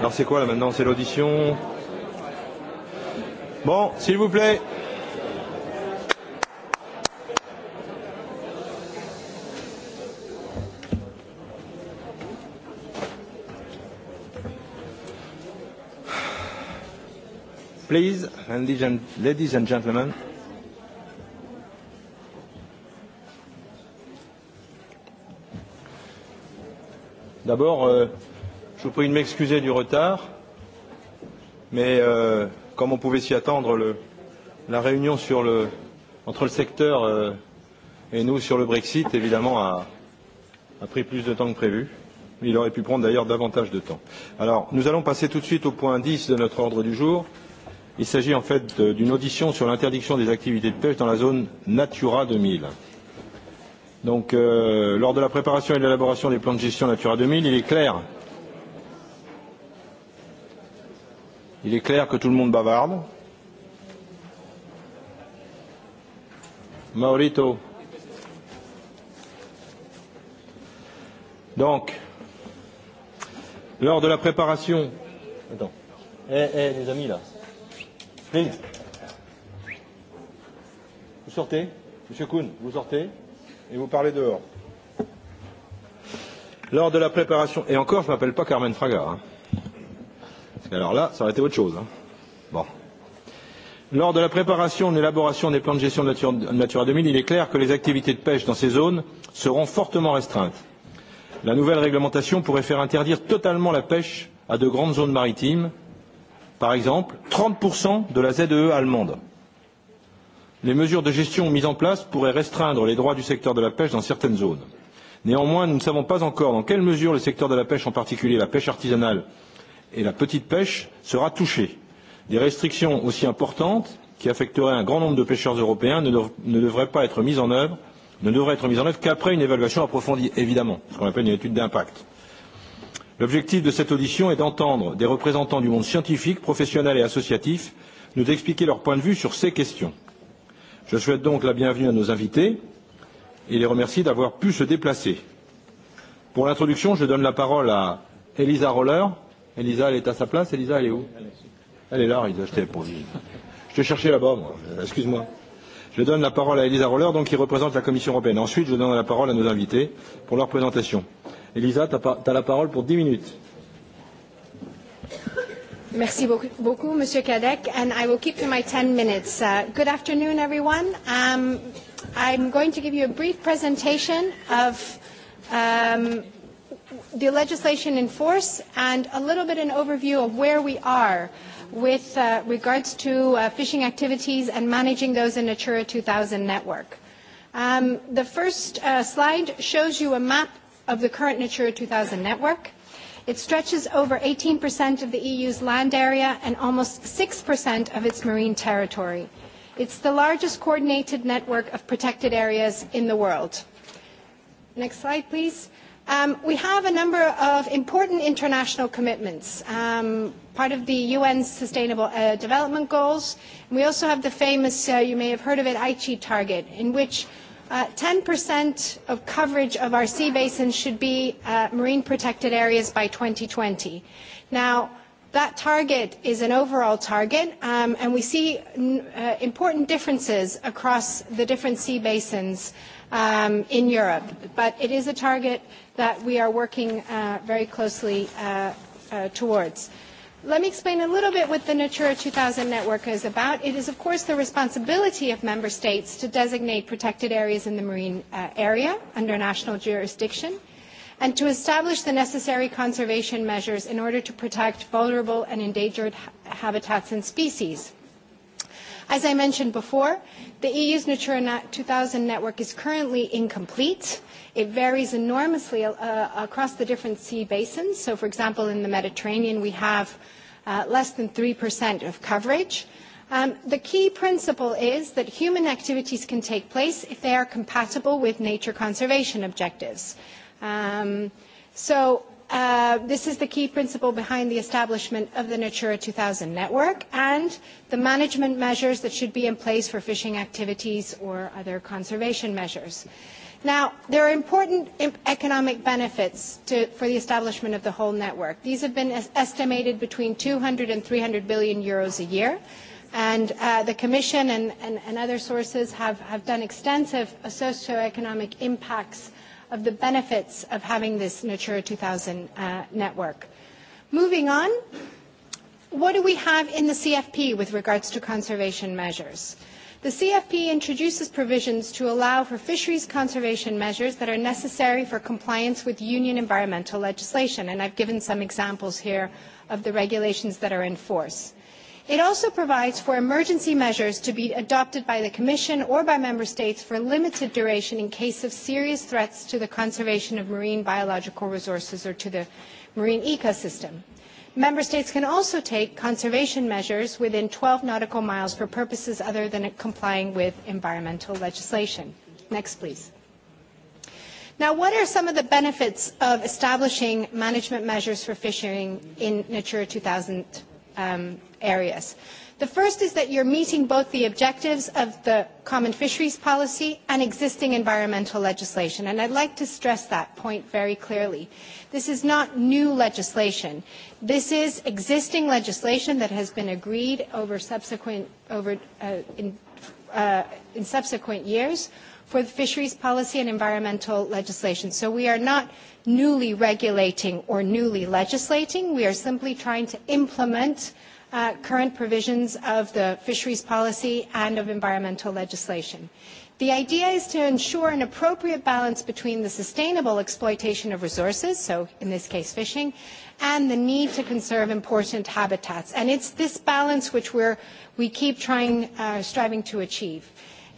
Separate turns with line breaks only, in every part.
Alors c'est quoi là maintenant C'est l'audition Bon, s'il vous plaît. Please, ladies and gentlemen. D'abord, euh, Je vous prie de m'excuser du retard, mais euh, comme on pouvait s'y attendre, le, la réunion sur le, entre le secteur euh, et nous sur le Brexit, évidemment, a, a pris plus de temps que prévu. Il aurait pu prendre d'ailleurs davantage de temps. Alors, nous allons passer tout de suite au point 10 de notre ordre du jour. Il s'agit en fait d'une audition sur l'interdiction des activités de pêche dans la zone Natura 2000. Donc, euh, lors de la préparation et de l'élaboration des plans de gestion Natura 2000, il est clair Il est clair que tout le monde bavarde. Maurito. Donc, lors de la préparation. Attends. Eh, hey, hey, eh, les amis là. Please. Vous sortez. Monsieur Kuhn, vous sortez et vous parlez dehors. Lors de la préparation. Et encore, je ne m'appelle pas Carmen Fraga. Hein. Et alors là, ça aurait été autre chose. Hein. Bon. Lors de la préparation et l'élaboration des plans de gestion de Natura, Natura 2000, il est clair que les activités de pêche dans ces zones seront fortement restreintes. La nouvelle réglementation pourrait faire interdire totalement la pêche à de grandes zones maritimes, par exemple 30% de la ZEE e allemande. Les mesures de gestion mises en place pourraient restreindre les droits du secteur de la pêche dans certaines zones. Néanmoins, nous ne savons pas encore dans quelle mesure le secteur de la pêche, en particulier la pêche artisanale et la petite pêche sera touchée. Des restrictions aussi importantes qui affecteraient un grand nombre de pêcheurs européens ne, dev ne devraient pas être mises en œuvre ne devraient être mises en œuvre qu'après une évaluation approfondie, évidemment, ce qu'on appelle une étude d'impact. L'objectif de cette audition est d'entendre des représentants du monde scientifique, professionnel et associatif nous expliquer leur point de vue sur ces questions. Je souhaite donc la bienvenue à nos invités et les remercie d'avoir pu se déplacer. Pour l'introduction, je donne la parole à Elisa Roller, Elisa, elle est à sa place. Elisa, elle est où Elle est là, Elisa, je t'ai répondu. Je te cherchais là-bas, moi. Euh, excuse-moi. Je donne la parole à Elisa Roller, donc qui représente la Commission européenne. Ensuite, je donne la parole à nos invités pour leur présentation. Elisa, tu as, as la parole pour 10 minutes.
Merci beaucoup, Monsieur Kadek, and I will keep to my 10 minutes. Uh, good afternoon, everyone. Um, I'm going to give you a brief presentation of um, the legislation in force and a little bit an overview of where we are with uh, regards to uh, fishing activities and managing those in Natura 2000 network. Um, the first uh, slide shows you a map of the current Natura 2000 network. It stretches over 18% of the EU's land area and almost 6% of its marine territory. It's the largest coordinated network of protected areas in the world. Next slide, please. Um, we have a number of important international commitments, um, part of the UN Sustainable uh, Development Goals. And we also have the famous, uh, you may have heard of it, Aichi target, in which uh, 10% of coverage of our sea basin should be uh, marine protected areas by 2020. Now, that target is an overall target, um, and we see uh, important differences across the different sea basins um, in Europe. But it is a target that we are working uh, very closely uh, uh, towards. Let me explain a little bit what the Natura 2000 network is about. It is, of course, the responsibility of member states to designate protected areas in the marine uh, area under national jurisdiction and to establish the necessary conservation measures in order to protect vulnerable and endangered ha habitats and species. As I mentioned before, The EU's Natura 2000 network is currently incomplete. It varies enormously uh, across the different sea basins. So, for example, in the Mediterranean, we have uh, less than 3% of coverage. Um, the key principle is that human activities can take place if they are compatible with nature conservation objectives. Um, so Uh, this is the key principle behind the establishment of the Natura 2000 network and the management measures that should be in place for fishing activities or other conservation measures. Now, there are important economic benefits to, for the establishment of the whole network. These have been estimated between 200 and 300 billion euros a year. And uh, the Commission and, and, and other sources have, have done extensive socioeconomic impacts of the benefits of having this Natura 2000 uh, network. Moving on, what do we have in the CFP with regards to conservation measures? The CFP introduces provisions to allow for fisheries conservation measures that are necessary for compliance with union environmental legislation, and I've given some examples here of the regulations that are in force. It also provides for emergency measures to be adopted by the Commission or by Member States for limited duration in case of serious threats to the conservation of marine biological resources or to the marine ecosystem. Member States can also take conservation measures within 12 nautical miles for purposes other than complying with environmental legislation. Next, please. Now, what are some of the benefits of establishing management measures for fishing in Natura 2000 um, areas. The first is that you're meeting both the objectives of the common fisheries policy and existing environmental legislation. And I'd like to stress that point very clearly. This is not new legislation. This is existing legislation that has been agreed over subsequent, over, uh, in, uh, in subsequent years for the fisheries policy and environmental legislation. So we are not newly regulating or newly legislating. We are simply trying to implement uh, current provisions of the fisheries policy and of environmental legislation. The idea is to ensure an appropriate balance between the sustainable exploitation of resources, so in this case fishing, and the need to conserve important habitats. And it's this balance which we're, we keep trying, uh, striving to achieve.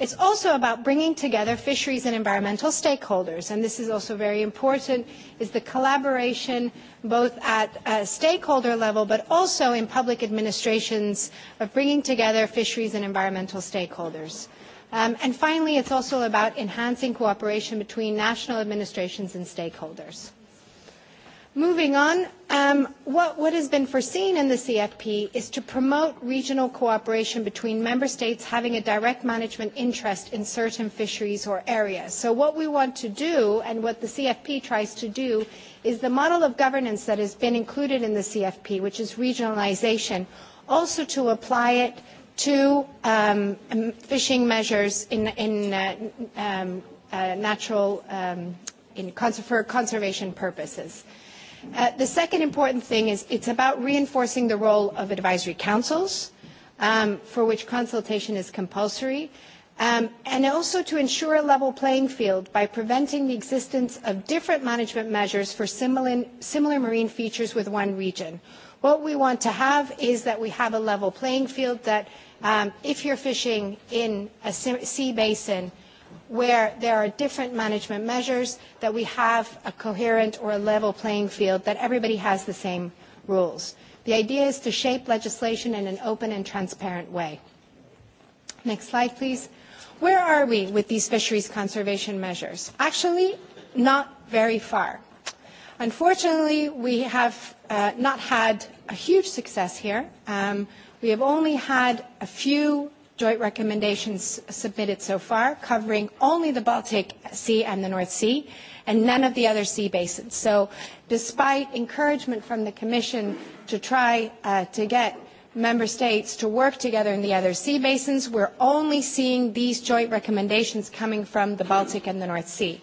It's also about bringing together fisheries and environmental stakeholders, and this is also very important, is the collaboration both at a stakeholder level but also in public administrations of bringing together fisheries and environmental stakeholders. Um, and finally, it's also about enhancing cooperation between national administrations and stakeholders. Moving on, um, what, what has been foreseen in the CFP is to promote regional cooperation between member states having a direct management interest in certain fisheries or areas. So what we want to do and what the CFP tries to do is the model of governance that has been included in the CFP, which is regionalization, also to apply it to um, fishing measures in, in uh, um, uh, natural, um, in for conservation purposes. Uh, the second important thing is it's about reinforcing the role of advisory councils, um, for which consultation is compulsory, um, and also to ensure a level playing field by preventing the existence of different management measures for similar, similar marine features with one region. What we want to have is that we have a level playing field that um, if you're fishing in a sea basin, where there are different management measures, that we have a coherent or a level playing field, that everybody has the same rules. The idea is to shape legislation in an open and transparent way. Next slide, please. Where are we with these fisheries conservation measures? Actually, not very far. Unfortunately, we have uh, not had a huge success here. Um, we have only had a few joint recommendations submitted so far, covering only the Baltic Sea and the North Sea, and none of the other sea basins. So despite encouragement from the Commission to try uh, to get member states to work together in the other sea basins, we're only seeing these joint recommendations coming from the Baltic and the North Sea.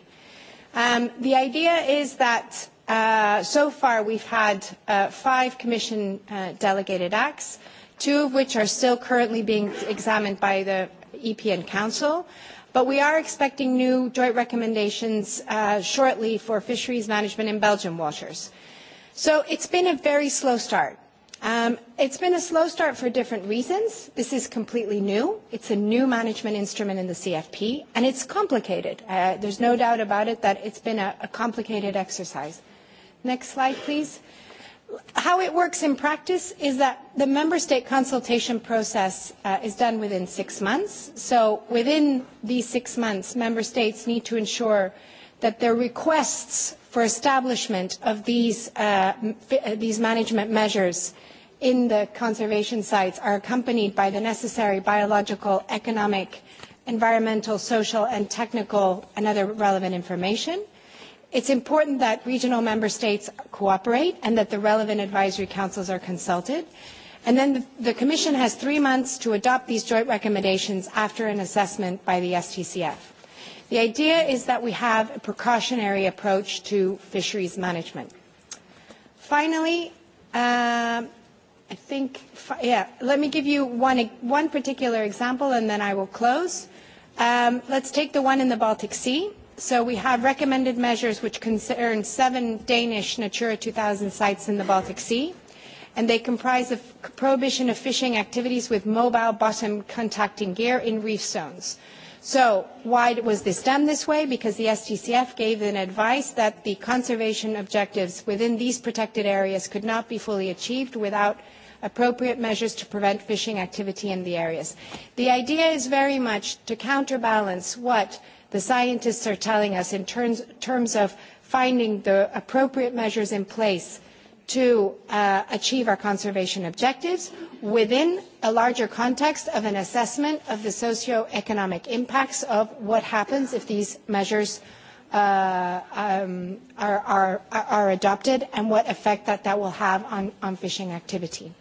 Um, the idea is that uh, so far we've had uh, five Commission uh, delegated acts. Uh, two of which are still currently being examined by the EP and Council. But we are expecting new joint recommendations uh, shortly for fisheries management in Belgian waters. So it's been a very slow start. Um, it's been a slow start for different reasons. This is completely new. It's a new management instrument in the CFP, and it's complicated. Uh, there's no doubt about it that it's been a, a complicated exercise. Next slide, please. How it works in practice is that the member state consultation process uh, is done within six months. So within these six months, member states need to ensure that their requests for establishment of these, uh, uh these management measures in the conservation sites are accompanied by the necessary biological, economic, environmental, social, and technical and other relevant information – It's important that regional member states cooperate and that the relevant advisory councils are consulted. And then the, the Commission has three months to adopt these joint recommendations after an assessment by the STCF. The idea is that we have a precautionary approach to fisheries management. Finally, um, I think, yeah, let me give you one, one particular example and then I will close. Um, let's take the one in the Baltic Sea. So we have recommended measures which concern seven Danish Natura 2000 sites in the Baltic Sea, and they comprise of prohibition of fishing activities with mobile bottom contacting gear in reef zones. So why was this done this way? Because the STCF gave an advice that the conservation objectives within these protected areas could not be fully achieved without appropriate measures to prevent fishing activity in the areas. The idea is very much to counterbalance what the scientists are telling us in terms, terms of finding the appropriate measures in place to uh, achieve our conservation objectives within a larger context of an assessment of the socioeconomic impacts of what happens if these measures uh, um, are, are, are adopted and what effect that that will have on, on fishing activity.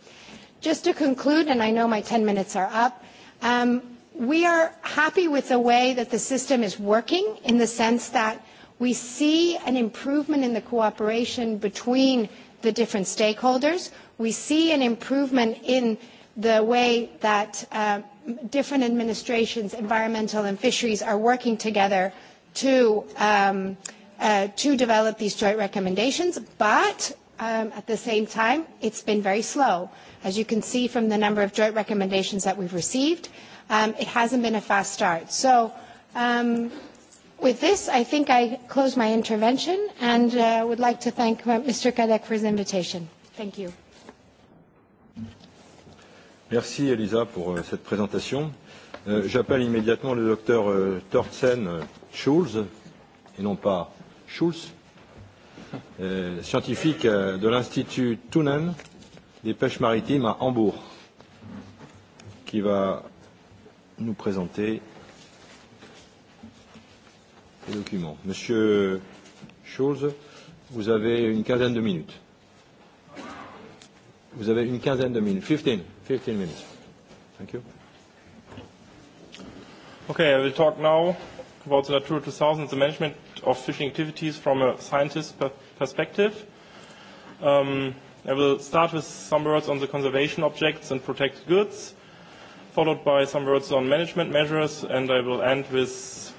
Just to conclude, and I know my 10 minutes are up, um, We are happy with the way that the system is working in the sense that we see an improvement in the cooperation between the different stakeholders. We see an improvement in the way that uh, different administrations, environmental and fisheries, are working together to, um, uh, to develop these joint recommendations. But um, at the same time, it's been very slow, as you can see from the number of joint recommendations that we've received um, it hasn't been a fast start. So um, with this, I think I close my intervention and uh, would like to thank uh, Mr. Kadek for his invitation. Thank you.
Merci Elisa pour euh, cette présentation. Euh, J'appelle immédiatement le docteur euh, Tortsen euh, Schulz, et non pas Schulz, euh, scientifique euh, de l'Institut Thunen des pêches maritimes à Hambourg, qui va nous présenter les documents. Monsieur Scholz, vous avez une quinzaine de minutes. Vous avez une quinzaine de minutes. 15, 15 minutes. Thank you.
Okay, I will talk now about the Natura 2000, the management of fishing activities from a scientist per perspective. Um, I will start with some words on the conservation objects and protected goods followed by some words on management measures, and I will end with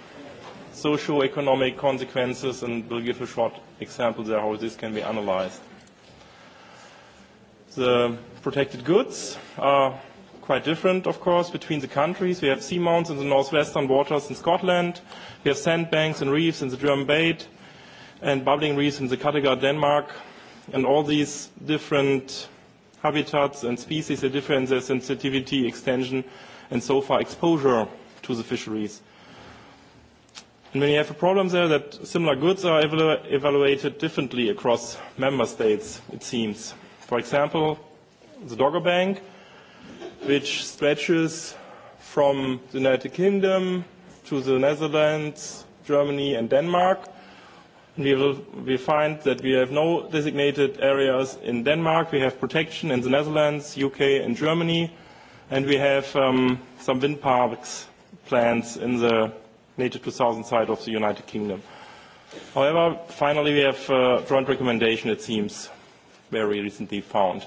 socio-economic consequences and will give a short example there how this can be analyzed. The protected goods are quite different, of course, between the countries. We have seamounts in the northwestern waters in Scotland. We have sandbanks and reefs in the German Bait and bubbling reefs in the Kattegat, Denmark. And all these different habitats and species differences, sensitivity, extension, and so far exposure to the fisheries. And when you have a problem there that similar goods are evalu evaluated differently across member states, it seems. For example, the Dogger Bank, which stretches from the United Kingdom to the Netherlands, Germany, and Denmark, we will we find that we have no designated areas in Denmark. We have protection in the Netherlands, UK, and Germany, and we have um, some wind parks plans in the Nature 2000 side of the United Kingdom. However, finally, we have a uh, joint recommendation, it seems, very recently found.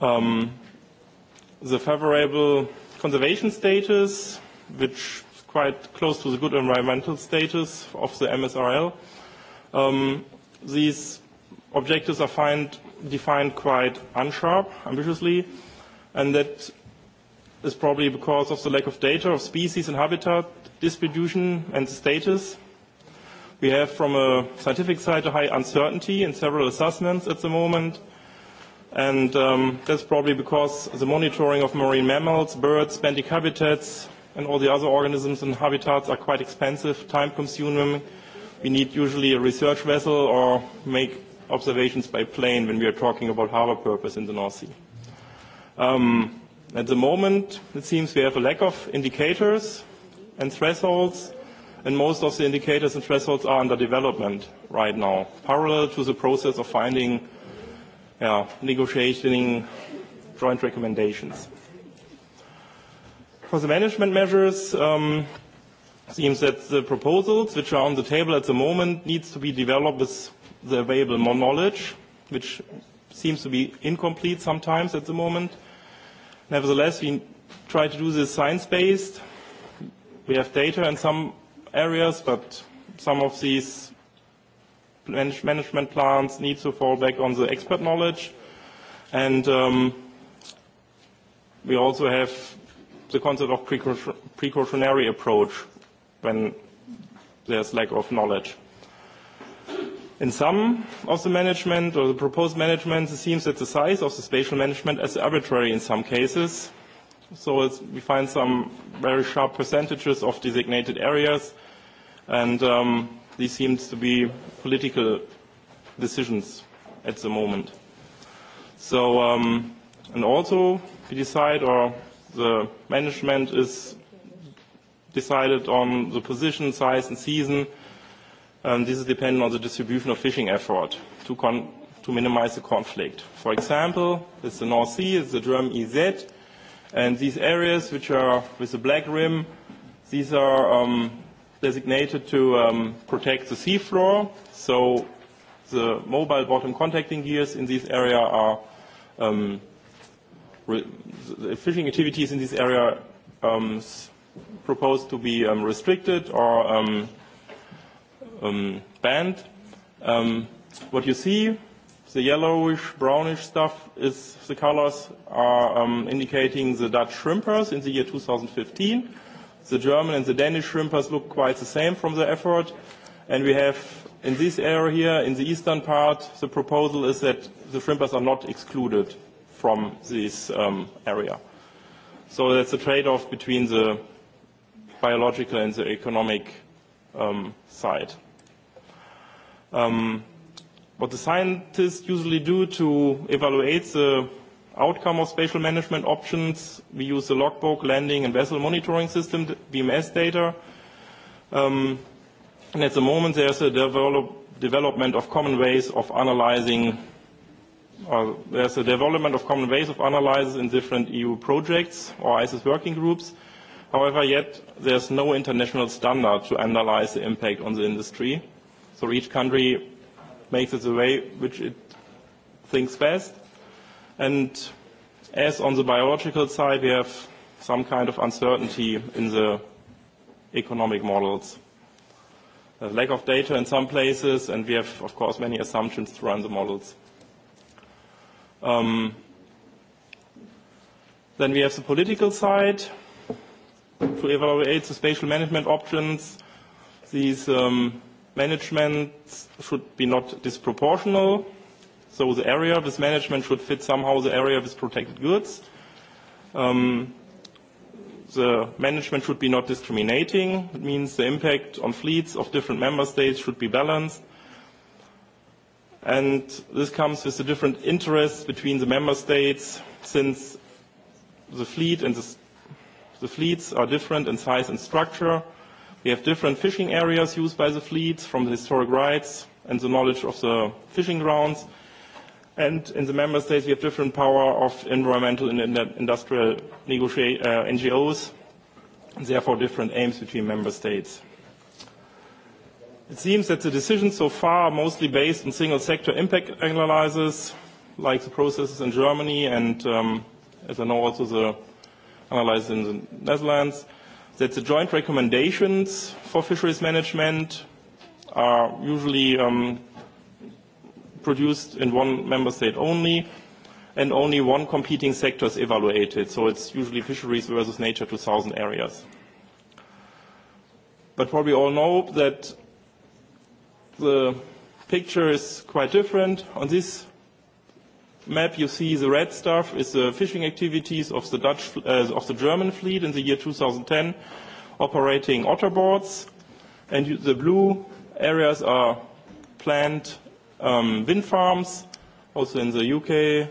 Um, the favorable conservation status, which quite close to the good environmental status of the MSRL. Um, these objectives are find, defined quite unsharp, ambitiously, and that is probably because of the lack of data of species and habitat distribution and status. We have from a scientific side a high uncertainty in several assessments at the moment, and um, that's probably because the monitoring of marine mammals, birds, benthic habitats, and all the other organisms and habitats are quite expensive, time-consuming. We need usually a research vessel or make observations by plane when we are talking about harbor purpose in the North Sea. Um, at the moment, it seems we have a lack of indicators and thresholds, and most of the indicators and thresholds are under development right now, parallel to the process of finding, yeah, negotiating joint recommendations. For the management measures, um, seems that the proposals which are on the table at the moment needs to be developed with the available more knowledge, which seems to be incomplete sometimes at the moment. Nevertheless, we try to do this science-based. We have data in some areas, but some of these management plans need to fall back on the expert knowledge. And um, we also have the concept of precautionary approach when there's lack of knowledge. In some of the management or the proposed management, it seems that the size of the spatial management is arbitrary in some cases. So it's, we find some very sharp percentages of designated areas, and um, these seems to be political decisions at the moment. So, um, and also we decide or the management is decided on the position, size, and season. Um, this is dependent on the distribution of fishing effort to, con to minimize the conflict. For example, it's the North Sea, it's the German EZ, and these areas which are with the black rim, these are um, designated to um, protect the seafloor. So the mobile bottom contacting gears in this area are um, re the fishing activities in this area um, proposed to be um, restricted or um, um, banned. Um, what you see, the yellowish, brownish stuff, is the colors are um, indicating the Dutch shrimpers in the year 2015. The German and the Danish shrimpers look quite the same from the effort. And we have in this area here, in the eastern part, the proposal is that the shrimpers are not excluded from this um, area. So that's a trade-off between the biological and the economic um, side. Um, what the scientists usually do to evaluate the outcome of spatial management options, we use the logbook, landing, and vessel monitoring system, BMS data. Um, and at the moment, there's a develop development of common ways of analyzing uh, there's a development of common ways of analysis in different EU projects or ISIS working groups. However, yet there's no international standard to analyze the impact on the industry. So each country makes it the way which it thinks best. And as on the biological side, we have some kind of uncertainty in the economic models. A lack of data in some places, and we have, of course, many assumptions to run the models. Um, then we have the political side to evaluate the spatial management options. These um, management should be not disproportional. So the area of this management should fit somehow the area of its protected goods. Um, the management should be not discriminating. It means the impact on fleets of different member states should be balanced And this comes with the different interests between the member states since the fleet and the, the fleets are different in size and structure. We have different fishing areas used by the fleets from the historic rights and the knowledge of the fishing grounds. And in the member states, we have different power of environmental and industrial uh, NGOs, and therefore different aims between member states. It seems that the decisions so far are mostly based on single sector impact analyses, like the processes in Germany and, um, as I know, also the analysis in the Netherlands, that the joint recommendations for fisheries management are usually um, produced in one member state only, and only one competing sector is evaluated. So it's usually fisheries versus Nature 2000 areas. But probably all know that the picture is quite different. On this map, you see the red stuff is the fishing activities of the, Dutch, uh, of the German fleet in the year 2010, operating otter boards. And you, the blue areas are planned um, wind farms, also in the UK.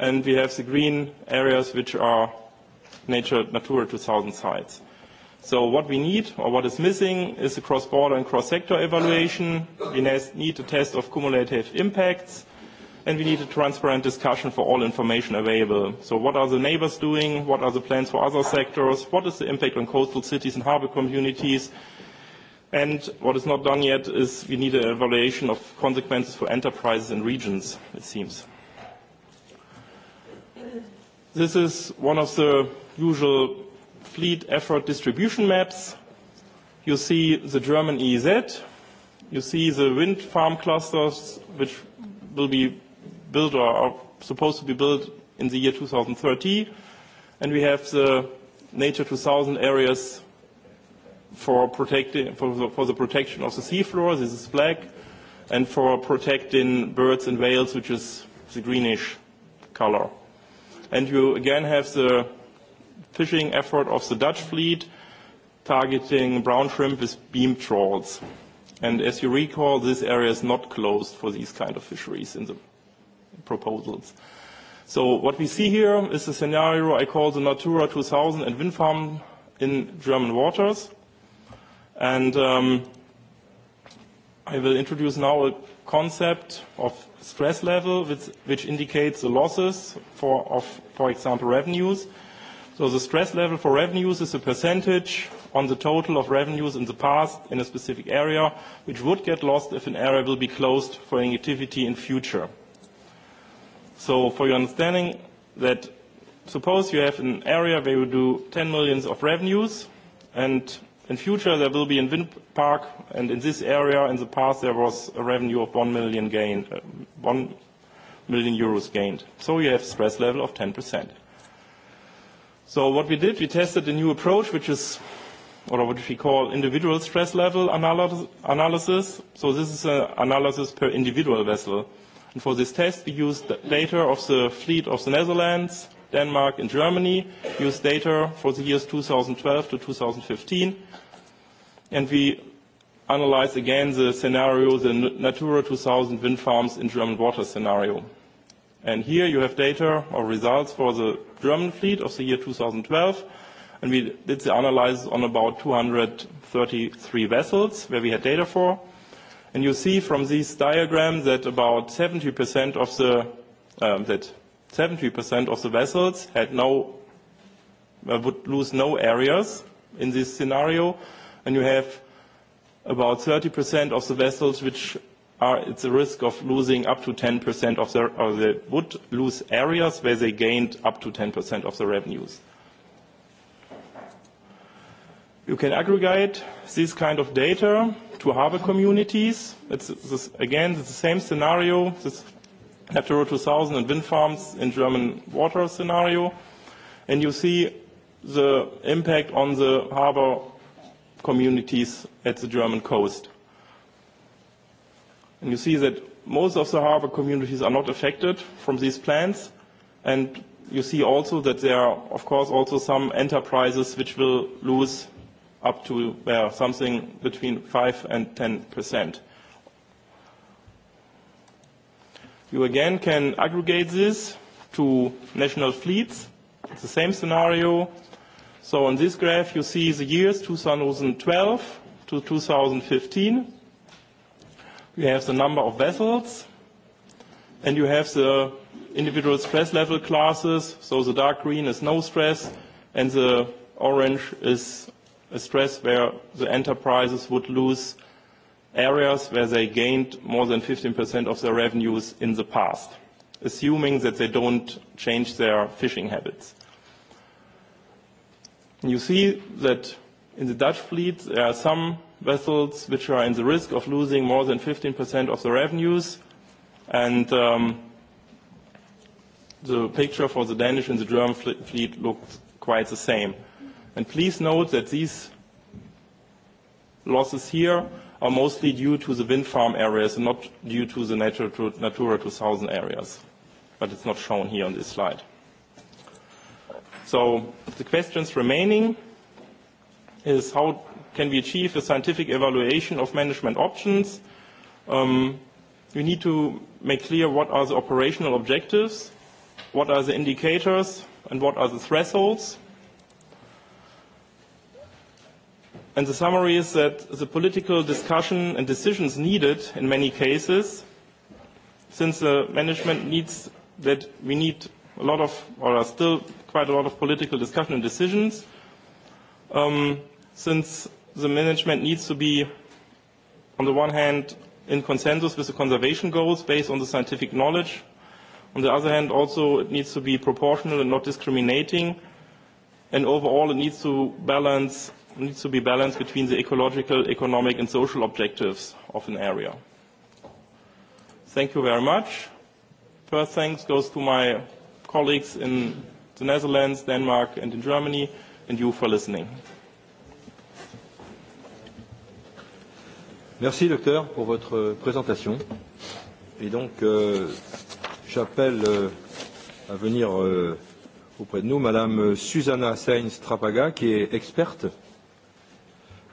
And we have the green areas, which are Nature, Natura 2000 sites. So what we need or what is missing is a cross-border and cross-sector evaluation. We need a test of cumulative impacts and we need a transparent discussion for all information available. So what are the neighbors doing? What are the plans for other sectors? What is the impact on coastal cities and harbor communities? And what is not done yet is we need an evaluation of consequences for enterprises and regions, it seems. This is one of the usual fleet effort distribution maps. You see the German EEZ. You see the wind farm clusters, which will be built or are supposed to be built in the year 2030. And we have the Nature 2000 areas for, protecting, for, the, for the protection of the seafloor. This is black. And for protecting birds and whales, which is the greenish color. And you again have the fishing effort of the Dutch fleet targeting brown shrimp with beam trawls. And as you recall, this area is not closed for these kind of fisheries in the proposals. So what we see here is a scenario I call the Natura 2000 and wind farm in German waters. And um, I will introduce now a concept of stress level, which, which indicates the losses for, of, for example, revenues So the stress level for revenues is a percentage on the total of revenues in the past in a specific area, which would get lost if an area will be closed for any activity in future. So for your understanding that suppose you have an area where you do 10 millions of revenues and in future there will be a wind park and in this area in the past there was a revenue of 1 million gain, 1 uh, million euros gained. So you have stress level of 10 So what we did, we tested a new approach, which is, or what we call individual stress level analysis. So this is an uh, analysis per individual vessel. And for this test, we used data of the fleet of the Netherlands, Denmark, and Germany. We used data for the years 2012 to 2015. And we analyzed again the scenario, the Natura 2000 wind farms in German water scenario. And here you have data or results for the German fleet of the year 2012, and we did the analysis on about 233 vessels where we had data for. And you see from this diagram that about 70% of the um, that 70% of the vessels had no uh, would lose no areas in this scenario, and you have about 30% of the vessels which are at the risk of losing up to 10% of their, or they would lose areas where they gained up to 10% of the revenues. You can aggregate this kind of data to harbor communities. It's it's again, it's the same scenario, this Natura 2000 and wind farms in German water scenario. And you see the impact on the harbor communities at the German coast. And you see that most of the harbor communities are not affected from these plans. And you see also that there are, of course, also some enterprises which will lose up to well, something between 5 and 10 percent. You again can aggregate this to national fleets. It's the same scenario. So on this graph, you see the years 2012 to 2015 you have the number of vessels, and you have the individual stress level classes. So the dark green is no stress, and the orange is a stress where the enterprises would lose areas where they gained more than 15% of their revenues in the past, assuming that they don't change their fishing habits. You see that in the Dutch fleet, there are some vessels which are in the risk of losing more than 15% of the revenues. And um, the picture for the Danish and the German fleet looked quite the same. And please note that these losses here are mostly due to the wind farm areas and not due to the Natura 2000 areas. But it's not shown here on this slide. So the questions remaining is how can we achieve a scientific evaluation of management options? Um, we need to make clear what are the operational objectives, what are the indicators, and what are the thresholds. And the summary is that the political discussion and decisions needed in many cases, since the management needs that we need a lot of, or are still quite a lot of political discussion and decisions, um, since the management needs to be, on the one hand, in consensus with the conservation goals based on the scientific knowledge. On the other hand, also it needs to be proportional and not discriminating. And overall, it needs to balance needs to be balanced between the ecological, economic, and social objectives of an area. Thank you very much. First thanks goes to my colleagues in the Netherlands, Denmark, and in Germany, and you
for listening. Merci, docteur, pour votre euh, présentation. Et donc, euh, j'appelle euh, à venir euh, auprès de nous Madame euh, Susanna Sainz-Trapaga, qui est experte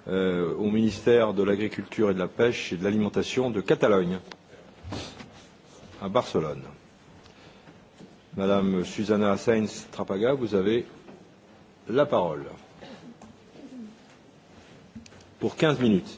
euh, au ministère de l'Agriculture et de la Pêche et de l'Alimentation de Catalogne, à Barcelone. Madame Susanna Sainz-Trapaga, vous avez la parole pour 15 minutes.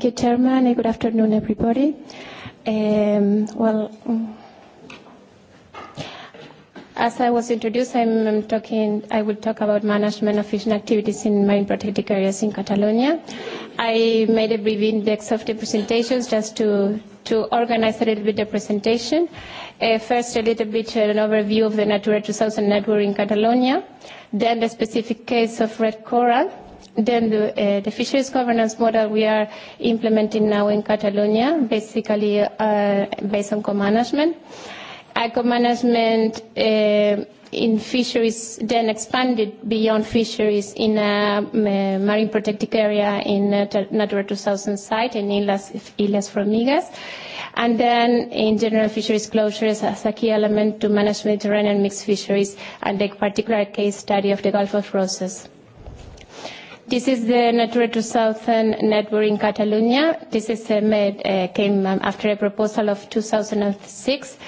Thank you, Chairman. and Good afternoon, everybody. Um, well, as I was introduced, I'm, I'm talking, I will talk about management of fishing activities in marine protected areas in Catalonia. I made a brief index of the presentations just to, to organize a little bit the presentation. Uh, first, a little bit uh, an overview of the Natura 2000 network in Catalonia, then the specific case of red coral, Then the, uh, the fisheries governance model we are implementing now in Catalonia, basically uh, based on co-management. Uh, co-management uh, in fisheries then expanded beyond fisheries in a um, uh, marine protected area in uh, Natura 2000 site in Ilas, Ilas Formigas. And then in general fisheries closures as a key element to manage Mediterranean mixed fisheries and the particular case study of the Gulf of Roses. This is the Natura 2000 network in Catalonia. This is uh, made, uh, came um, after a proposal of 2006,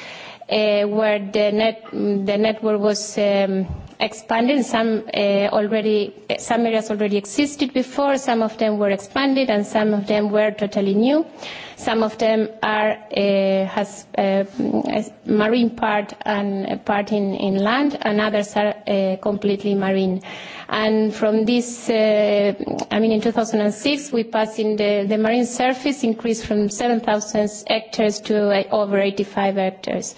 uh, where the, net, the network was um, expanded. Some uh, already, eh, some areas already existed before. Some of them were expanded, and some of them were totally new. Some of them are uh, has uh, marine part and part in, in land, and others are uh, completely marine. And from this, uh, I mean, in 2006, we passed in the, the marine surface increased from 7,000 hectares to uh, over 85 hectares.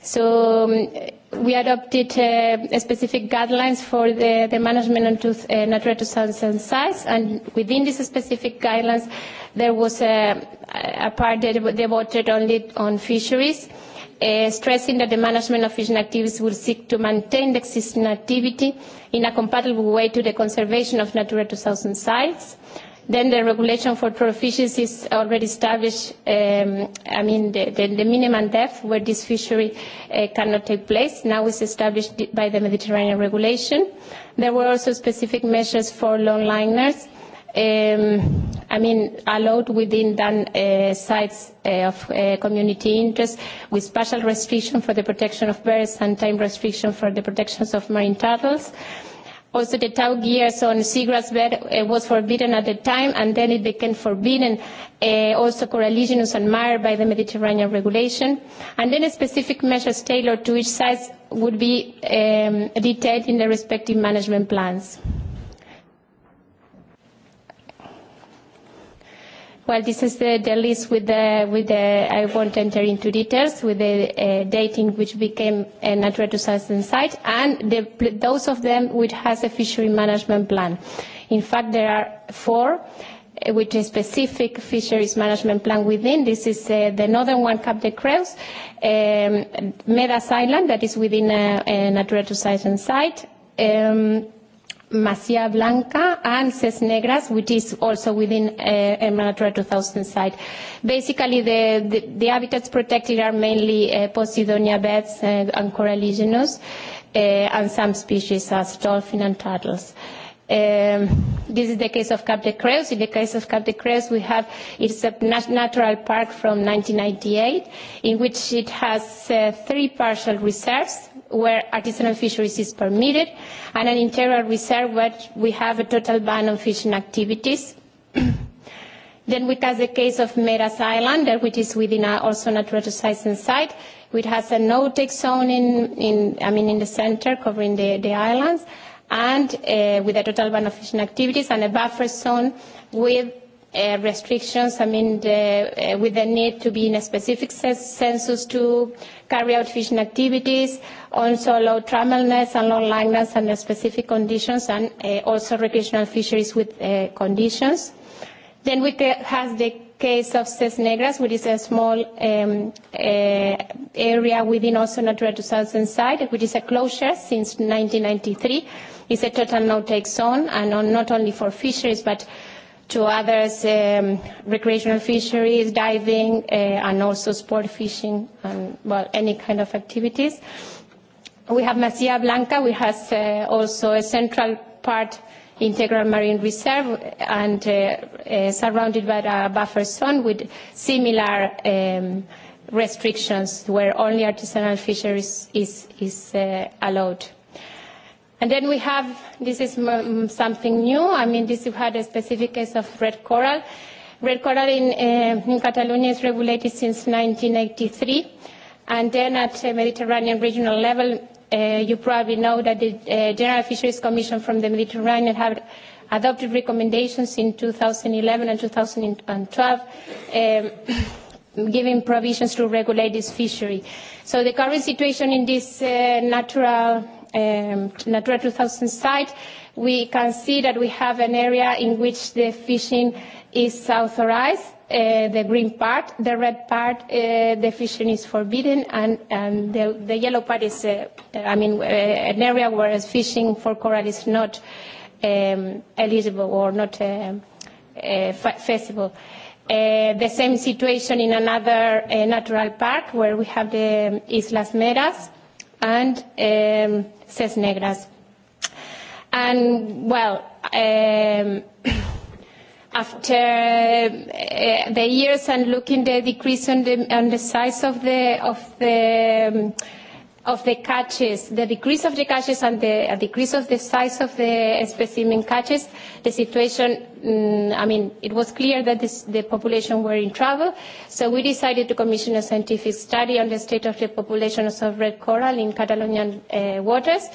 So mm, we adopted uh, specific guidelines for the, the management of uh, Natura 2000 sites, and within these specific guidelines, there was a, a part that devoted only on fisheries, uh, stressing that the management of fishing activities will seek to maintain the existing activity in a compatible way to the conservation of Natura 2000 sites Then the regulation for trawler fisheries is already established, um, I mean, the, the, the minimum depth where this fishery uh, cannot take place. Now is established by the Mediterranean regulation. There were also specific measures for longliners. Um, I mean, allowed within done uh, sites uh, of uh, community interest with special restriction for the protection of birds and time restriction for the protections of marine turtles. Uh, Also the tau gears on seagrass bed it eh, was forbidden at the time and then it became forbidden uh, also coralligenous and mire by the Mediterranean regulation. And then a specific measures tailored to each size would be um, detailed in the respective management plans. Well, this is the, the list with the, with the, I won't enter into details, with the uh, dating which became a Natura 2000 site and the, those of them which has a fishery management plan. In fact, there are four which uh, is specific fisheries management plan within. This is uh, the northern one, Cap de Creus, um, Medas Island, that is within a, a Natura 2000 site, um, Masia Blanca and Ses Negras, which is also within uh, Emerald 2000 site. Basically, the, the, the habitats protected are mainly uh, Posidonia beds uh, and coralligenous, uh, and some species as dolphin and turtles. Um, this is the case of Cap de Creus. In the case of Cap de Creus, we have it's a natural park from 1998, in which it has uh, three partial reserves where artisanal fisheries is permitted, and an integral reserve where we have a total ban on fishing activities. Then we have the case of Meras Island, which is within a, also Natura 2000 site, which has a no-take zone in, in, I mean, in the center covering the, the islands, and uh, with a total ban of fishing activities and a buffer zone with Uh, restrictions, I mean, the, uh, with the need to be in a specific census to carry out fishing activities, also low trammelness and long and under specific conditions, and uh, also recreational fisheries with uh, conditions. Then we have the case of Ces Negras, which is a small um, uh, area within also Natura 2000 site, which is a closure since 1993. It's a total no-take zone, and on, not only for fisheries, but to others, um, recreational fisheries, diving, uh, and also sport fishing, and well, any kind of activities. We have Masia Blanca, which has uh, also a central part integral marine reserve and uh, uh, surrounded by a buffer zone with similar um, restrictions where only artisanal fisheries is, is uh, allowed. And then we have, this is um, something new, I mean, this you had a specific case of red coral. Red coral in, uh, in Catalonia is regulated since 1983. And then at uh, Mediterranean regional level, uh, you probably know that the uh, General Fisheries Commission from the Mediterranean have adopted recommendations in 2011 and 2012 um, giving provisions to regulate this fishery. So the current situation in this uh, natural um, Natura 2000 site, we can see that we have an area in which the fishing is authorized, uh, the green part, the red part, uh, the fishing is forbidden, and, and the, the yellow part is, uh, I mean, uh, an area where fishing for coral is not um, eligible or not um, uh, uh, feasible. Uh, the same situation in another uh, natural park where we have the um, Islas Meras, and um, Ses Negras. And, well, um, after uh, the years and looking the decrease on the, on the size of the, of the um, of the catches, the decrease of the catches and the decrease of the size of the specimen catches, the situation, mm, I mean, it was clear that this, the population were in trouble, so we decided to commission a scientific study on the state of the populations of red coral in Catalonian uh, waters.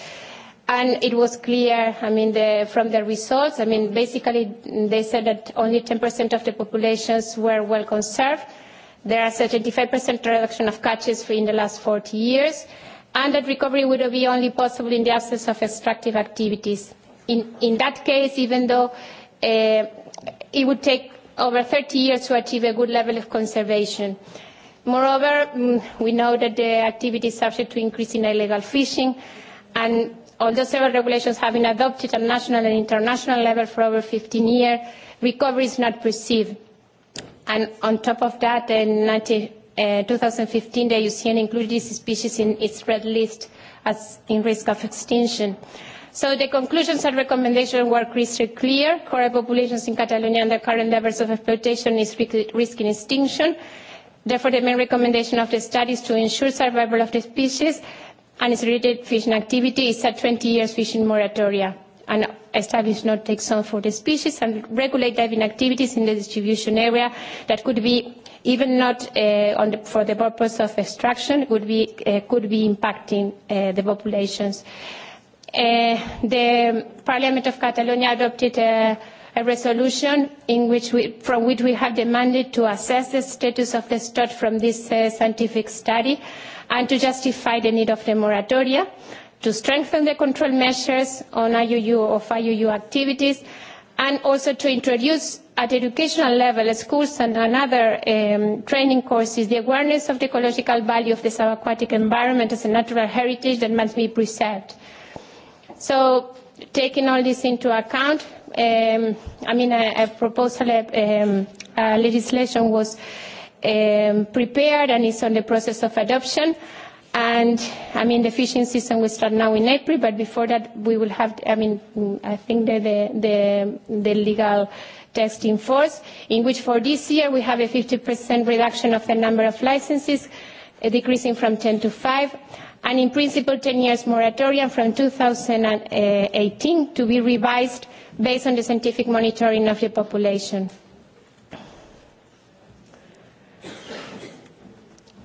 And it was clear, I mean, the, from the results, I mean, basically they said that only 10% of the populations were well conserved. There are 75% reduction of catches in the last 40 years and that recovery would be only possible in the absence of extractive activities. In, in that case, even though uh, it would take over 30 years to achieve a good level of conservation. Moreover, mm, we know that the activity is subject to increasing illegal fishing, and although several regulations have been adopted at national and international level for over 15 years, recovery is not perceived. And on top of that, 19 2015, uh, the IUCN included this species in its red list as in risk of extinction. So the conclusions and recommendations were crystal clear. Coral populations in Catalonia and the current levels of exploitation is risking extinction. Therefore, the main recommendation of the study is to ensure survival of the species and its related fishing activity is a 20 years fishing moratoria. And establish no-take zone for the species and regulate diving activities in the distribution area that could be even not uh, on the, for the purpose of extraction, would be, uh, could be impacting uh, the populations. Uh, the Parliament of Catalonia adopted a, a resolution in which we, from which we have demanded to assess the status of the stock from this uh, scientific study and to justify the need of the moratoria to strengthen the control measures on IUU of IUU activities, and also to introduce at educational level, schools and other um, training courses, the awareness of the ecological value of the subaquatic environment as a natural heritage that must be preserved. So taking all this into account, um, I mean, a, a proposal, a, um, a legislation was um, prepared and is on the process of adoption. And I mean, the fishing season will start now in April, but before that, we will have, I mean, I think the, the, the, the legal text in force, in which for this year we have a 50% reduction of the number of licenses, uh, decreasing from 10 to 5, and in principle 10 years moratorium from 2018 uh, to be revised based on the scientific monitoring of the population.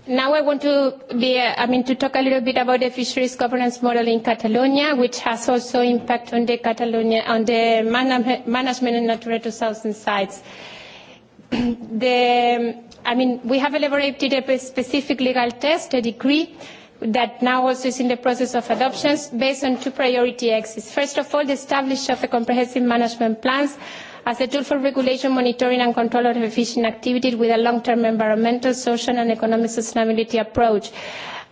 Now I want to be, I mean, to talk a little bit about the fisheries governance model in Catalonia, which has also impact on the Catalonia, on the man management and Natura 2000 sites. the, I mean, we have elaborated a specific legal text, a decree, that now also is in the process of adoptions based on two priority axes. First of all, the establishment of a comprehensive management plans as a tool for regulation, monitoring and control of fishing activities with a long-term environmental, social and economic sustainability approach.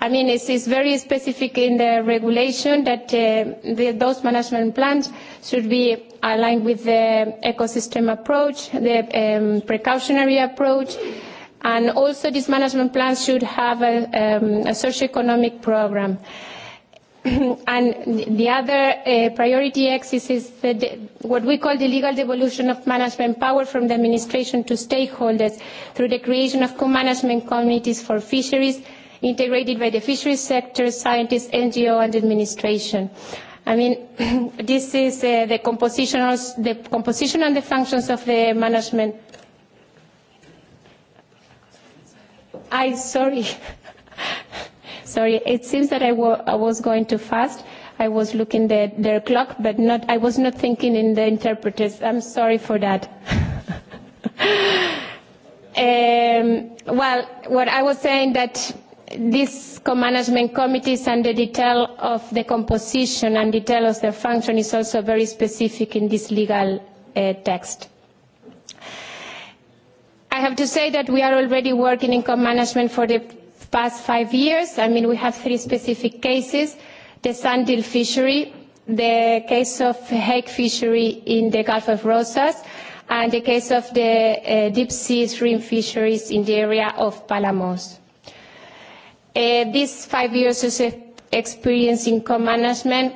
I mean, it's, it's very specific in the regulation that uh, the, those management plans should be aligned with the ecosystem approach, the um, precautionary approach, and also these management plans should have a, um, a socio-economic program. and the other uh, priority axis is the, the, what we call the legal devolution of management power from the administration to stakeholders through the creation of co-management committees for fisheries integrated by the fisheries sector, scientists, NGO and administration. I mean, this is uh, the, composition the composition and the functions of the management. I, sorry. Sorry, it seems that I, I was going too fast. I was looking the their clock, but not. I was not thinking in the interpreters. I'm sorry for that. um, well, what I was saying that these co-management committees and the detail of the composition and detail of their function is also very specific in this legal uh, text. I have to say that we are already working in co-management for the past five years, I mean, we have three specific cases, the Sandil fishery, the case of Hague fishery in the Gulf of Rosas, and the case of the uh, deep sea shrimp fisheries in the area of Palamos. Uh, these five years of experience in co-management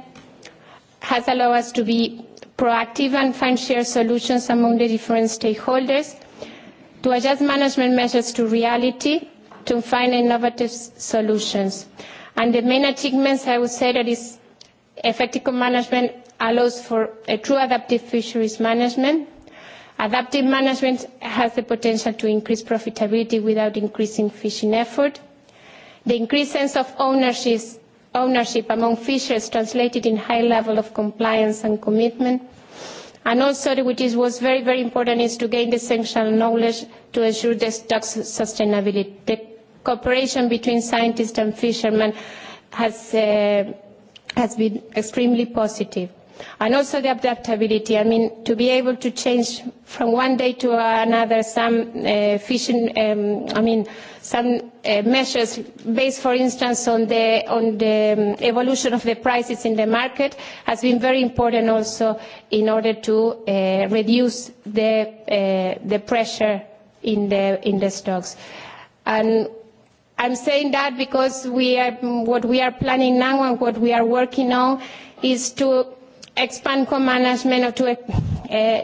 has allowed us to be proactive and find shared solutions among the different stakeholders, to adjust management measures to reality, to find innovative solutions. And the main achievements I would say that is effective management allows for a true adaptive fisheries management. Adaptive management has the potential to increase profitability without increasing fishing effort. The increased sense of ownership, ownership among fishers translated in high level of compliance and commitment. And also, which is, was very, very important, is to gain the essential knowledge to ensure the stock's sustainability. The cooperation between scientists and fishermen has, uh, has been extremely positive. And also the adaptability, I mean, to be able to change from one day to another some uh, fishing, um, I mean, some uh, measures based, for instance, on the, on the um, evolution of the prices in the market has been very important also in order to uh, reduce the, uh, the pressure in the, in the stocks. And I'm saying that because we are, what we are planning now and what we are working on is to expand co-management or to, uh,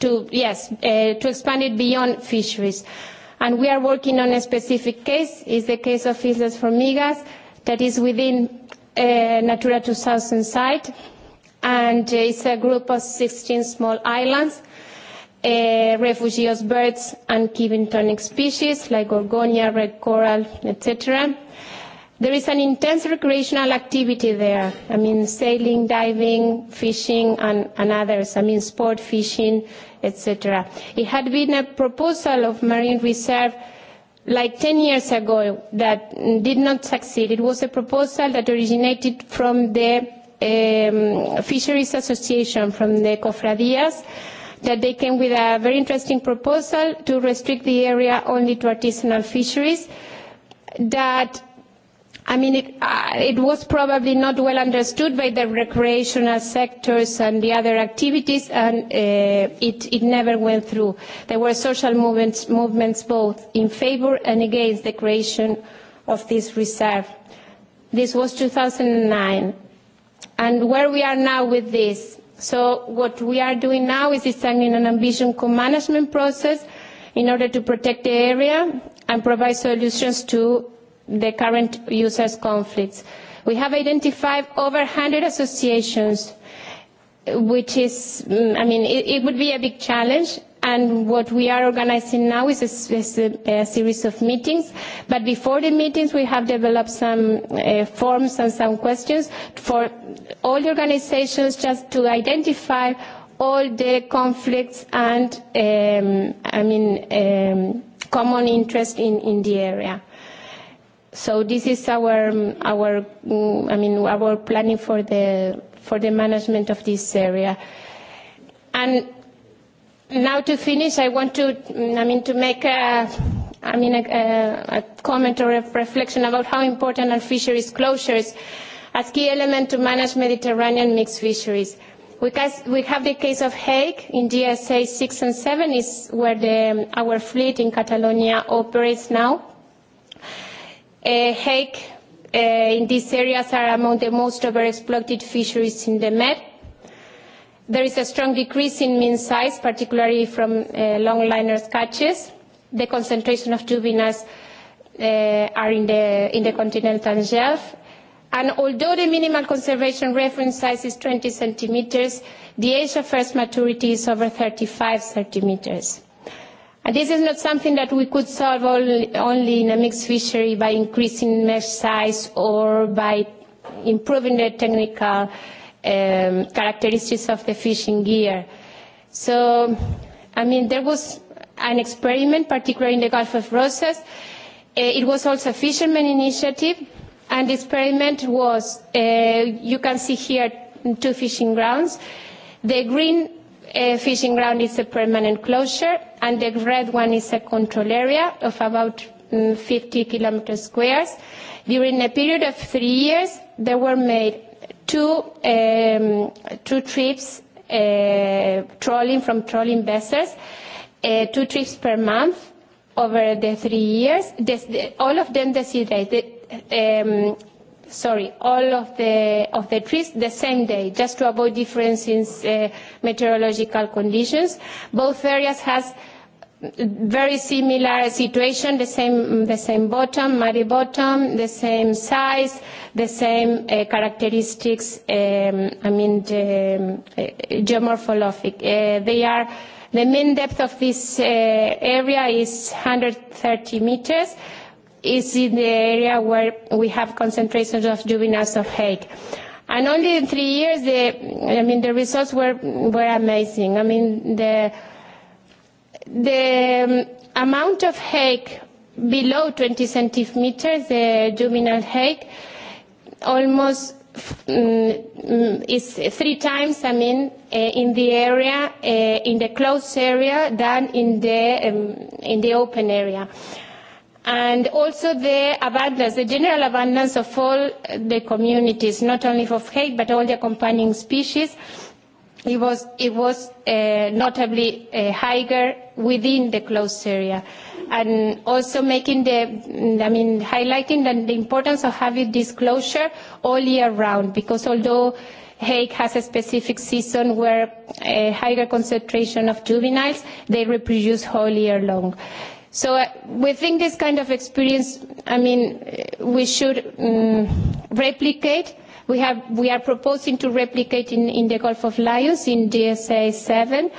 to yes, uh, to expand it beyond fisheries. And we are working on a specific case, is the case of Islas Formigas, that is within a eh, Natura 2000 site, and it's a group of 16 small islands uh, refugious birds and kibintonic species like gorgonia, red coral, etc. There is an intense recreational activity there. I mean, sailing, diving, fishing, and, and others. I mean, sport fishing, etc. It had been a proposal of marine reserve like 10 years ago that did not succeed. It was a proposal that originated from the um, Fisheries Association, from the Cofradías, that they came with a very interesting proposal to restrict the area only to artisanal fisheries that I mean, it, uh, it was probably not well understood by the recreational sectors and the other activities, and uh, it, it never went through. There were social movements, movements both in favor and against the creation of this reserve. This was 2009. And where we are now with this, So what we are doing now is designing an ambition co-management process in order to protect the area and provide solutions to the current users' conflicts. We have identified over 100 associations, which is, mm, I mean, it, it would be a big challenge And what we are organizing now is a, is a, a series of meetings. But before the meetings, we have developed some uh, forms and some questions for all the organizations just to identify all the conflicts and, um, I mean, um, common interest in, in the area. So this is our, our, mm, I mean, our planning for the, for the management of this area. And now to finish, I want to, mm, I mean, to make a, I mean, a, a comment or a reflection about how important are fisheries closures as key element to manage Mediterranean mixed fisheries. We, we have the case of Hague in DSA 6 and 7 is where the, mm, our fleet in Catalonia operates now. Uh, Hague uh, in these areas are among the most overexploited fisheries in the Med There is a strong decrease in mean size, particularly from uh, longliners catches. The concentration of juveniles uh, are in the, in the continental shelf. And although the minimal conservation reference size is 20 centimeters, the age of first maturity is over 35 centimeters. And this is not something that we could solve only, only in a mixed fishery by increasing mesh size or by improving the technical uh, um, characteristics of the fishing gear. So, I mean, there was an experiment, particularly in the Gulf of Rosas. Uh, it was also a fisherman initiative, and the experiment was, uh, you can see here, two fishing grounds. The green uh, fishing ground is a permanent closure, and the red one is a control area of about um, mm, 50 kilometers squares. During a period of three years, there were made two, um, two trips uh, trawling from trawling vessels, uh, two trips per month over the three years. The, the, all of them dehydrated. Um, sorry, all of the of the trips the same day, just to avoid differences in uh, meteorological conditions. Both areas has very similar situation, the same, the same bottom, muddy bottom, the same size, the same uh, characteristics, um, I mean, the, uh, geomorphologic. Uh, they are, the mean depth of this uh, area is 130 meters, is in the area where we have concentrations of juveniles of hate. And only in three years, the, I mean, the results were, were amazing. I mean, the, the um, amount of hake below 20 centimeters, the juvenile hake, almost um, is three times, I mean, uh, in the area, uh, in the closed area than in the, um, in the open area. And also the abundance, the general abundance of all the communities, not only of hake, but all the accompanying species. Uh, it was, it was uh, notably uh, higher within the closed area. And also making the, mm, I mean, highlighting the, the importance of having disclosure all year round, because although Hague has a specific season where a higher concentration of juveniles, they reproduce whole year long. So uh, think this kind of experience, I mean, we should um, replicate We, have, we are proposing to replicate in, in the Gulf of Lyons in DSA 7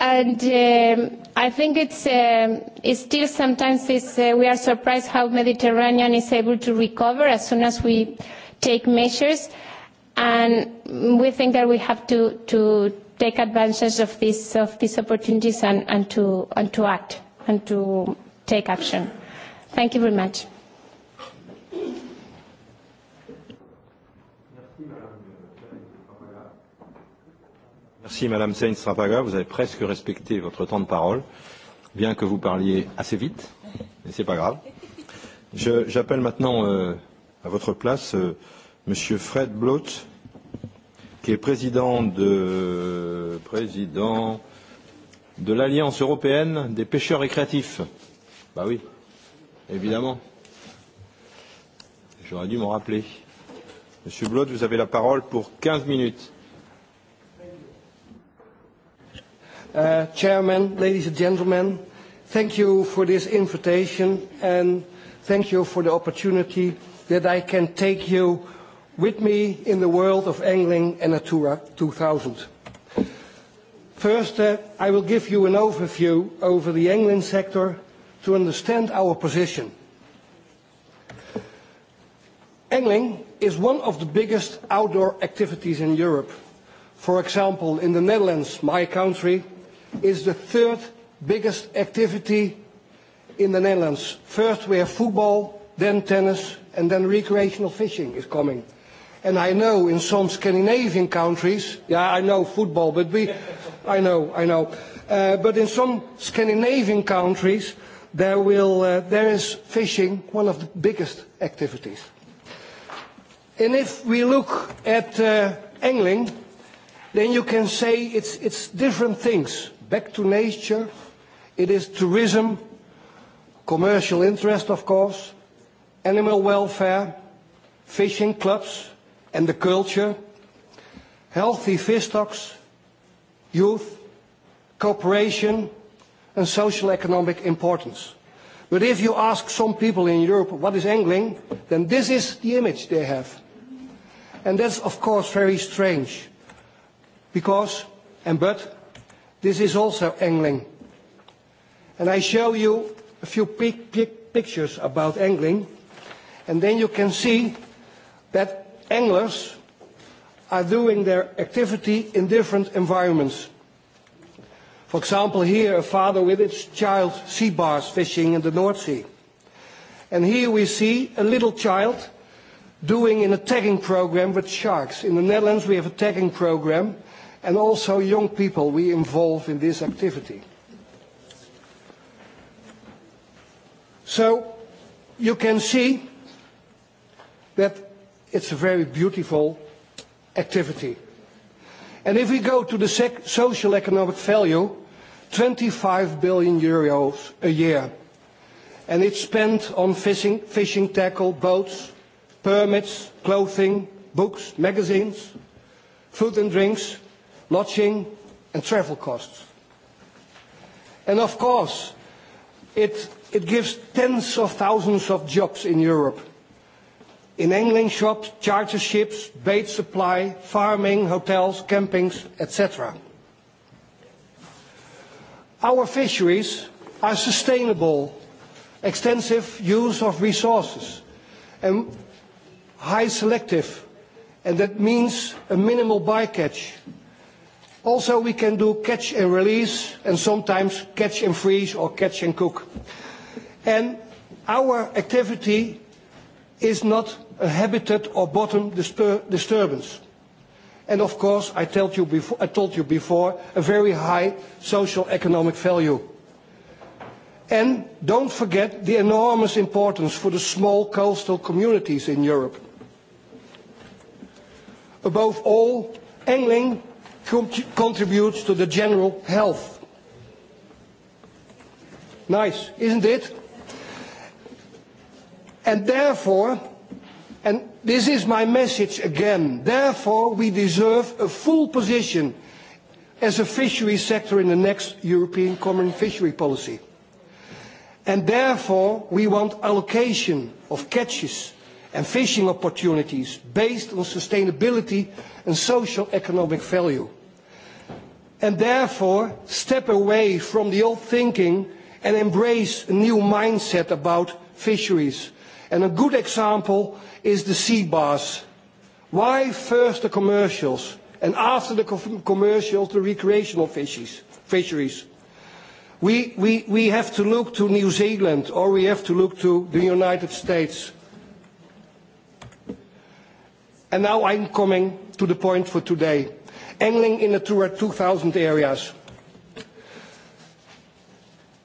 and um, I think it's, um, it's still sometimes it's, uh, we are surprised how Mediterranean is able to recover as soon as we take measures, and we think that we have to, to take advantage of this, of these opportunities and, and to and to act and to take action. Thank you very much.
Merci Madame Sainz-Trapaga, vous avez presque respecté votre temps de parole, bien que vous parliez assez vite, mais c'est pas grave. J'appelle maintenant euh, à votre place euh, Monsieur Fred Blot, qui est président de, président de l'Alliance européenne des pêcheurs récréatifs. Bah oui, évidemment. J'aurais dû m'en rappeler. Monsieur Blot, vous avez la parole pour 15 minutes.
Uh, chairman, ladies and gentlemen, thank you for this invitation and thank you for the opportunity that I can take you with me in the world of angling and Natura 2000. First, uh, I will give you an overview over the angling sector to understand our position. Angling is one of the biggest outdoor activities in Europe. For example, in the Netherlands, my country, is the third biggest activity in the Netherlands. First we have football, then tennis, and then recreational fishing is coming. And I know in some Scandinavian countries, yeah, I know football, but we, I know, I know. Uh, but in some Scandinavian countries, there, will, uh, there is fishing one of the biggest activities. And if we look at uh, angling, then you can say it's, it's different things back to nature. It is tourism, commercial interest, of course, animal welfare, fishing clubs and the culture, healthy fish stocks, youth, cooperation and social economic importance. But if you ask some people in Europe what is angling, then this is the image they have. And that's of course very strange. Because, and but, This is also angling. And I show you a few pic pic pictures about angling. And then you can see that anglers are doing their activity in different environments. For example, here a father with his child sea bars fishing in the North Sea. And here we see a little child doing an attacking program with sharks. In the Netherlands we have a tagging program and also young people we involve in this activity. So you can see that it's a very beautiful activity. And if we go to the sec social economic value, 25 billion euros a year. And it's spent on fishing, fishing tackle, boats, permits, clothing, books, magazines, food and drinks, lodging and travel costs. And of course, it, it gives tens of thousands of jobs in Europe. In angling shops, charter ships, bait supply, farming, hotels, campings, etc. Our fisheries are sustainable, extensive use of resources, and high selective, and that means a minimal bycatch Also, we can do catch and release, and sometimes catch and freeze or catch and cook. And our activity is not a habitat or bottom distur disturbance. And of course, I told, you before, I told you before, a very high social economic value. And don't forget the enormous importance for the small coastal communities in Europe. Above all, angling contributes to the general health. Nice, isn't it? And therefore, and this is my message again, therefore we deserve a full position as a fisheries sector in the next European Common Fishery Policy. And therefore we want allocation of catches and fishing opportunities based on sustainability and social economic value. And therefore, step away from the old thinking and embrace a new mindset about fisheries. And a good example is the sea bass. Why first the commercials and after the commercials the recreational fishes, fisheries? We, we, we have to look to New Zealand or we have to look to the United States And now I'm coming to the point for today. Angling in the Natura 2000 areas.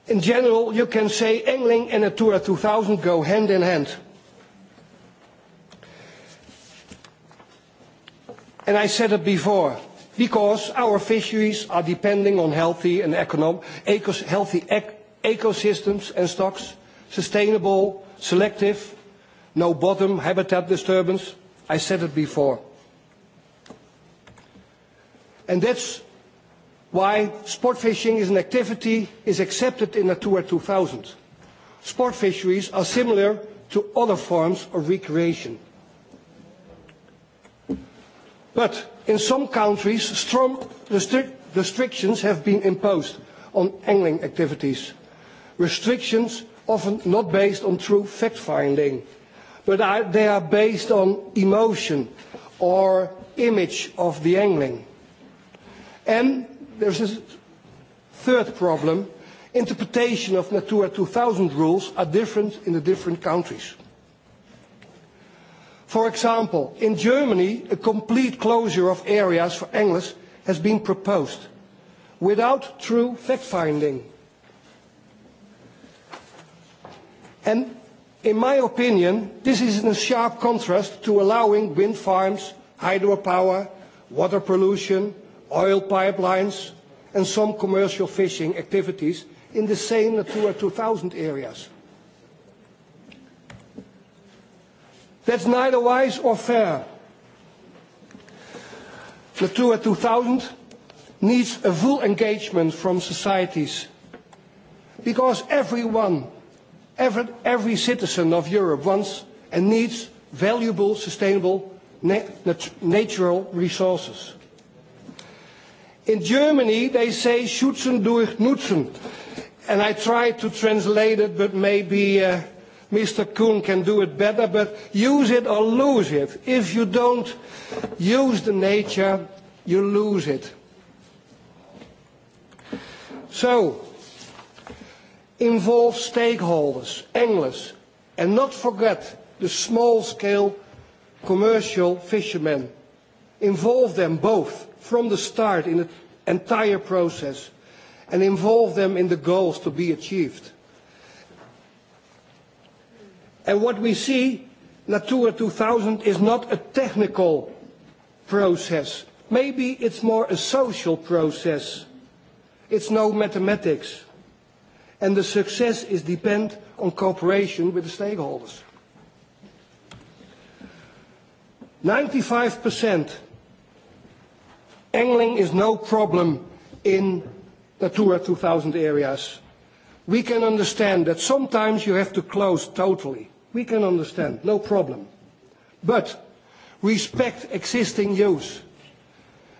In general, you can say angling and Natura 2000 go hand in hand. And I said it before, because our fisheries are depending on healthy ecosystems and stocks, sustainable, selective, no bottom habitat disturbance, I said it before. And that's why sport fishing is an activity is accepted in Natura 2000. Sport fisheries are similar to other forms of recreation. But in some countries, strong restrictions have been imposed on angling activities. Restrictions often not based on true fact-finding but I, they are based on emotion or image of the angling. And there's a third problem. Interpretation of Natura 2000 rules are different in the different countries. For example, in Germany, a complete closure of areas for anglers has been proposed without true fact-finding. And In my opinion, this is in sharp contrast to allowing wind farms, hydropower, water pollution, oil pipelines, and some commercial fishing activities in the same Natura 2000 areas. That's neither wise or fair. Natura 2000 needs a full engagement from societies because everyone Every, every citizen of Europe wants and needs valuable, sustainable nat natural resources. In Germany, they say schützen durch nutzen. And I tried to translate it, but maybe uh, Mr. Kuhn can do it better. But use it or lose it. If you don't use the nature, you lose it. So, involve stakeholders, anglers, and not forget the small-scale commercial fishermen. Involve them both from the start in the entire process and involve them in the goals to be achieved. And what we see, Natura 2000 is not a technical process. Maybe it's more a social process. It's no mathematics and the success is depend on cooperation with the stakeholders. 95% angling is no problem in Natura 2000 areas. We can understand that sometimes you have to close totally. We can understand, no problem. But respect existing use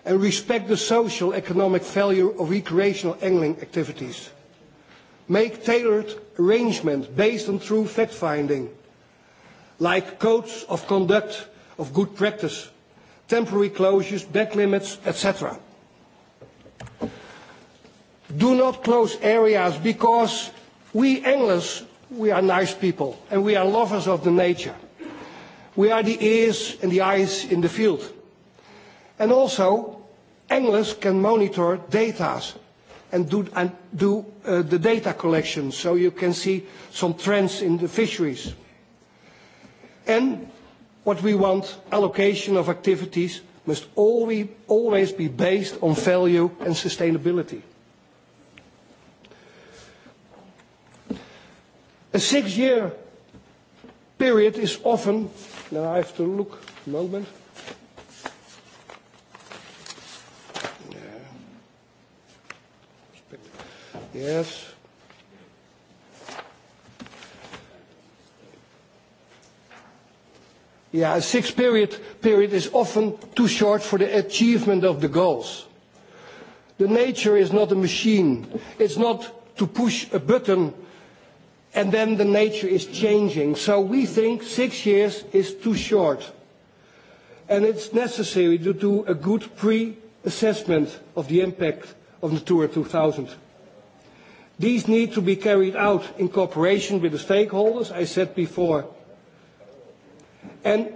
and respect the social economic value of recreational angling activities make tailored arrangements based on true fact-finding, like codes of conduct of good practice, temporary closures, back limits, etc. Do not close areas because we anglers, we are nice people and we are lovers of the nature. We are the ears and the eyes in the field. And also, anglers can monitor data and do, and do uh, the data collection so you can see some trends in the fisheries. And what we want, allocation of activities, must always, always be based on value and sustainability. A six-year period is often, now I have to look a moment, Yes. Yeah, a six period period is often too short for the achievement of the goals. The nature is not a machine. It's not to push a button and then the nature is changing. So we think six years is too short. And it's necessary to do a good pre-assessment of the impact of Natura 2000. These need to be carried out in cooperation with the stakeholders, I said before. And,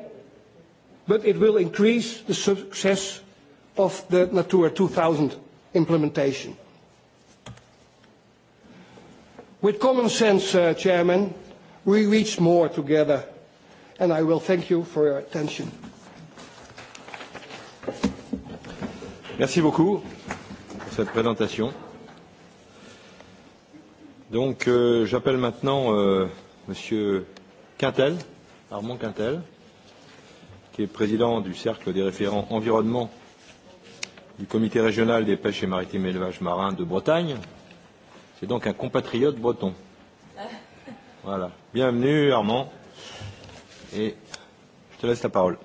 but it will increase the success of the Natura 2000 implementation. With common sense, uh, Chairman, we reach more together. And I will thank you for your attention.
Merci beaucoup pour cette présentation. Donc euh, j'appelle maintenant euh, Monsieur Quintel, Armand Quintel, qui est président du Cercle des référents environnement du Comité régional des pêches et maritimes élevages marins de Bretagne. C'est donc un compatriote breton. Voilà. Bienvenue Armand. Et je te laisse la parole.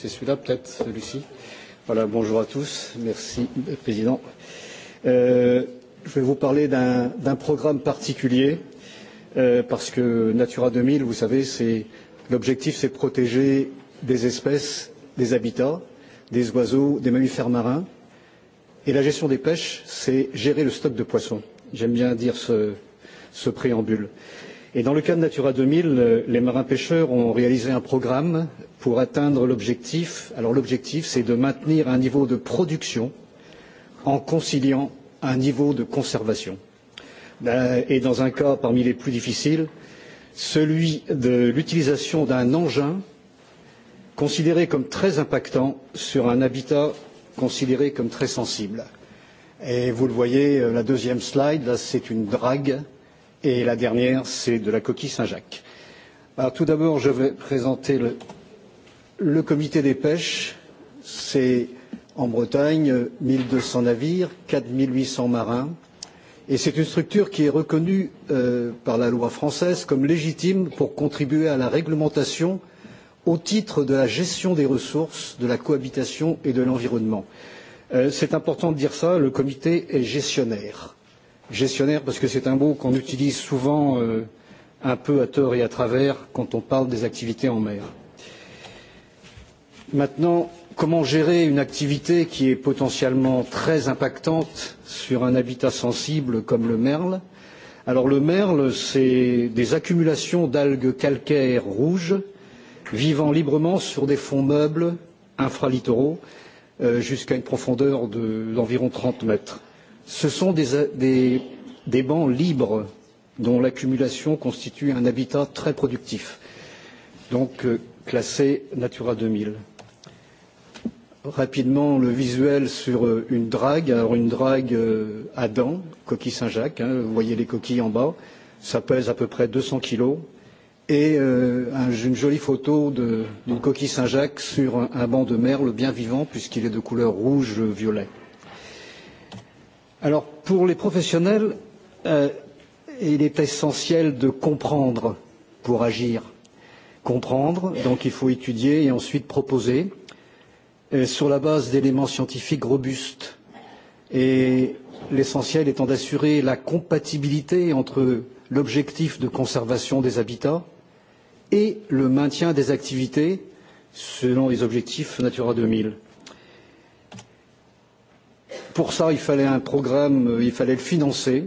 C'est celui-là peut-être, celui-ci. Voilà, bonjour à tous. Merci, Président. Euh, je vais vous parler d'un programme particulier, euh, parce que Natura 2000, vous savez, c'est l'objectif, c'est protéger des espèces, des habitats, des oiseaux, des mammifères marins. Et la gestion des pêches, c'est gérer le stock de poissons. J'aime bien dire ce, ce préambule. Euh, Et dans le cadre Natura 2000, les marins-pêcheurs ont réalisé un programme pour atteindre l'objectif. Alors l'objectif, c'est de maintenir un niveau de production en conciliant un niveau de conservation. Euh, et dans un cas parmi les plus difficiles, celui de l'utilisation d'un engin considéré comme très impactant sur un habitat considéré comme très sensible. Et vous le voyez, euh, la deuxième slide, là, c'est une drague et la dernière, c'est de la coquille Saint-Jacques. Alors tout d'abord, je vais présenter le, le comité des pêches. C'est en Bretagne 1200 navires, 4800 marins. Et c'est une structure qui est reconnue euh, par la loi française comme légitime pour contribuer à la réglementation au titre de la gestion des ressources, de la cohabitation et de l'environnement. Euh, c'est important de dire ça, le comité est gestionnaire. Euh, gestionnaire, parce que c'est un mot qu'on utilise souvent euh, un peu à tort et à travers quand on parle des activités en mer. Maintenant, comment gérer une activité qui est potentiellement très impactante sur un habitat sensible comme le merle Alors le merle, c'est des accumulations d'algues calcaires rouges vivant librement sur des fonds meubles infralittoraux euh, jusqu'à une profondeur d'environ de, 30 mètres. Ce sont des, des, des bancs libres dont l'accumulation constitue un habitat très productif, donc euh, classé Natura 2000. Rapidement, le visuel sur euh, une drague. Alors une drague euh, à dents, coquille Saint-Jacques, hein, vous voyez les coquilles en bas, ça pèse à peu près 200 kilos. Et euh, une jolie photo d'une coquille Saint-Jacques sur un, un banc de merle bien vivant puisqu'il est de couleur rouge-violet. Euh, Alors, pour les professionnels, euh, il est essentiel de comprendre pour agir. Comprendre, donc il faut étudier et ensuite proposer euh, sur la base d'éléments scientifiques robustes. Et l'essentiel étant d'assurer la compatibilité entre l'objectif de conservation des habitats et le maintien des activités selon les objectifs Natura 2000. Pour ça, il fallait un programme, euh, il fallait le financer.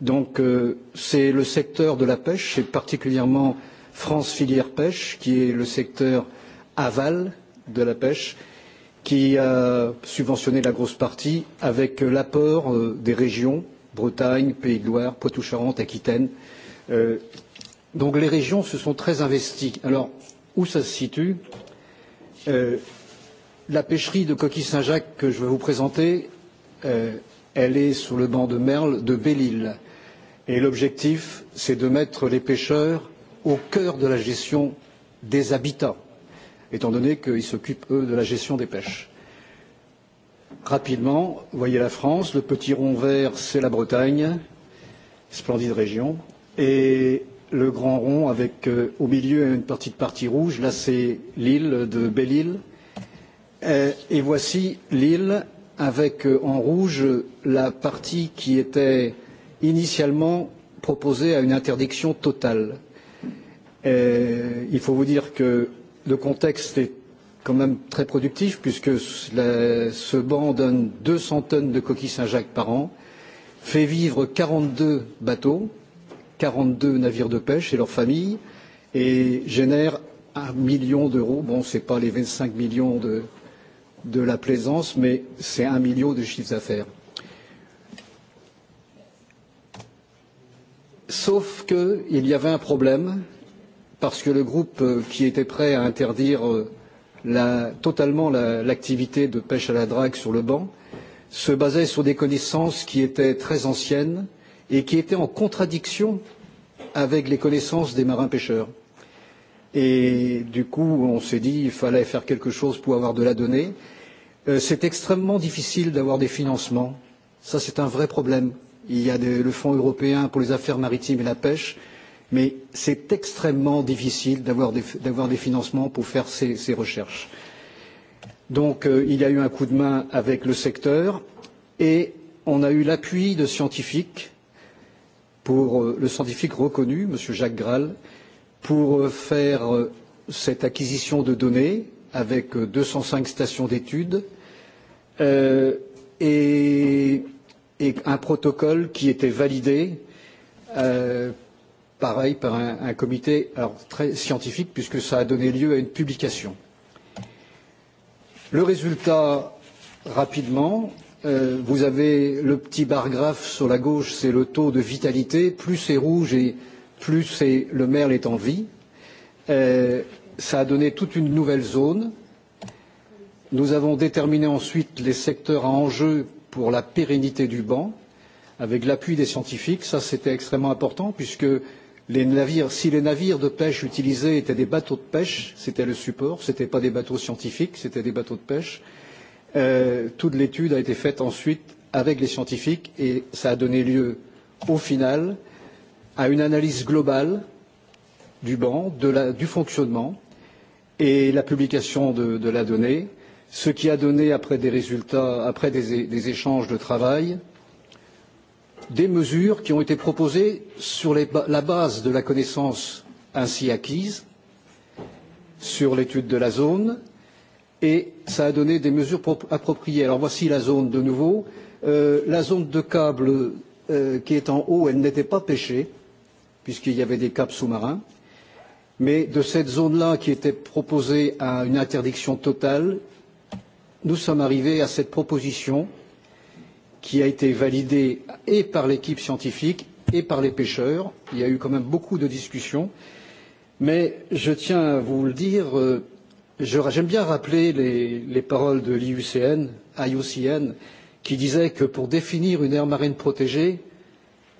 Donc euh, c'est le secteur de la pêche, et particulièrement France filière pêche, qui est le secteur aval de la pêche, qui a subventionné la grosse partie avec euh, l'apport euh, des régions Bretagne, Pays de Loire, Poitou-Charentes, Aquitaine. Euh, donc les régions se sont très investies. Alors où ça se situe euh, La pêcherie de coquille Saint-Jacques que je vais vous présenter euh, elle est sur le banc de Merle de Belle-Île. Et l'objectif, c'est de mettre les pêcheurs au cœur de la gestion des habitats, étant donné qu'ils s'occupent, eux, de la gestion des pêches. Rapidement, vous voyez la France, le petit rond vert, c'est la Bretagne, splendide région, et le grand rond avec euh, au milieu une petite partie rouge, là c'est l'île de Belle-Île, euh, et voici l'île avec euh, en rouge la partie qui était initialement proposée à une interdiction totale. Et euh, il faut vous dire que le contexte est quand même très productif puisque ce banc donne 200 tonnes de coquilles Saint-Jacques par an, fait vivre 42 bateaux, 42 navires de pêche et leurs familles et génère un million d'euros. Bon, ce n'est pas les 25 millions de, de la plaisance, mais c'est un million de chiffres d'affaires. Sauf qu'il y avait un problème, parce que le groupe euh, qui était prêt à interdire euh, la, totalement l'activité la, de pêche à la drague sur le banc se basait sur des connaissances qui étaient très anciennes et qui étaient en contradiction avec les connaissances des marins pêcheurs. Et du coup, on s'est dit qu'il fallait faire quelque chose pour avoir de la donnée. Euh, c'est extrêmement difficile d'avoir des financements. Ça, c'est un vrai problème. Il y a des, le Fonds européen pour les affaires maritimes et la pêche, mais c'est extrêmement difficile d'avoir des, des financements pour faire ces, ces recherches. Donc, euh, il y a eu un coup de main avec le secteur et on a eu l'appui de scientifiques pour euh, le scientifique reconnu, M. Jacques Graal, euh, pour euh, faire euh, cette acquisition de données avec 205 euh, stations d'études euh, et, et un protocole qui était validé euh, pareil par un, un comité alors, très scientifique puisque ça a donné lieu à une publication. Le résultat, rapidement, euh, vous avez le petit bar graphe sur la gauche, c'est le taux de vitalité. Plus c'est rouge et, plus le merle est en vie. Euh, ça a donné toute une nouvelle zone. Nous avons déterminé ensuite les secteurs à enjeu pour la pérennité du banc, avec l'appui des scientifiques. Ça, c'était extrêmement important puisque les navires, si les navires de pêche utilisés étaient des bateaux de pêche, c'était le support, ce n'étaient pas des bateaux scientifiques, c'était des bateaux de pêche. Euh, toute l'étude a été faite ensuite avec les scientifiques et ça a donné lieu au final à une analyse globale du banc, de la, du fonctionnement et la publication de, de la donnée, ce qui a donné, après des résultats, après des, des échanges de travail, des mesures qui ont été proposées sur les, la base de la connaissance ainsi acquise, sur l'étude de la zone, et ça a donné des mesures appropriées. Alors voici la zone de nouveau. Euh, la zone de câble euh, qui est en haut, elle n'était pas pêchée puisqu'il y avait des caps sous-marins. Mais de cette zone-là qui était proposée à une interdiction totale, nous sommes arrivés à cette proposition qui a été validée et par l'équipe scientifique et par les pêcheurs. Il y a eu quand même beaucoup de discussions. Mais je tiens à vous le dire, euh, j'aime bien rappeler les, les paroles de l'IUCN, IUCN, qui disait que pour définir une aire marine protégée,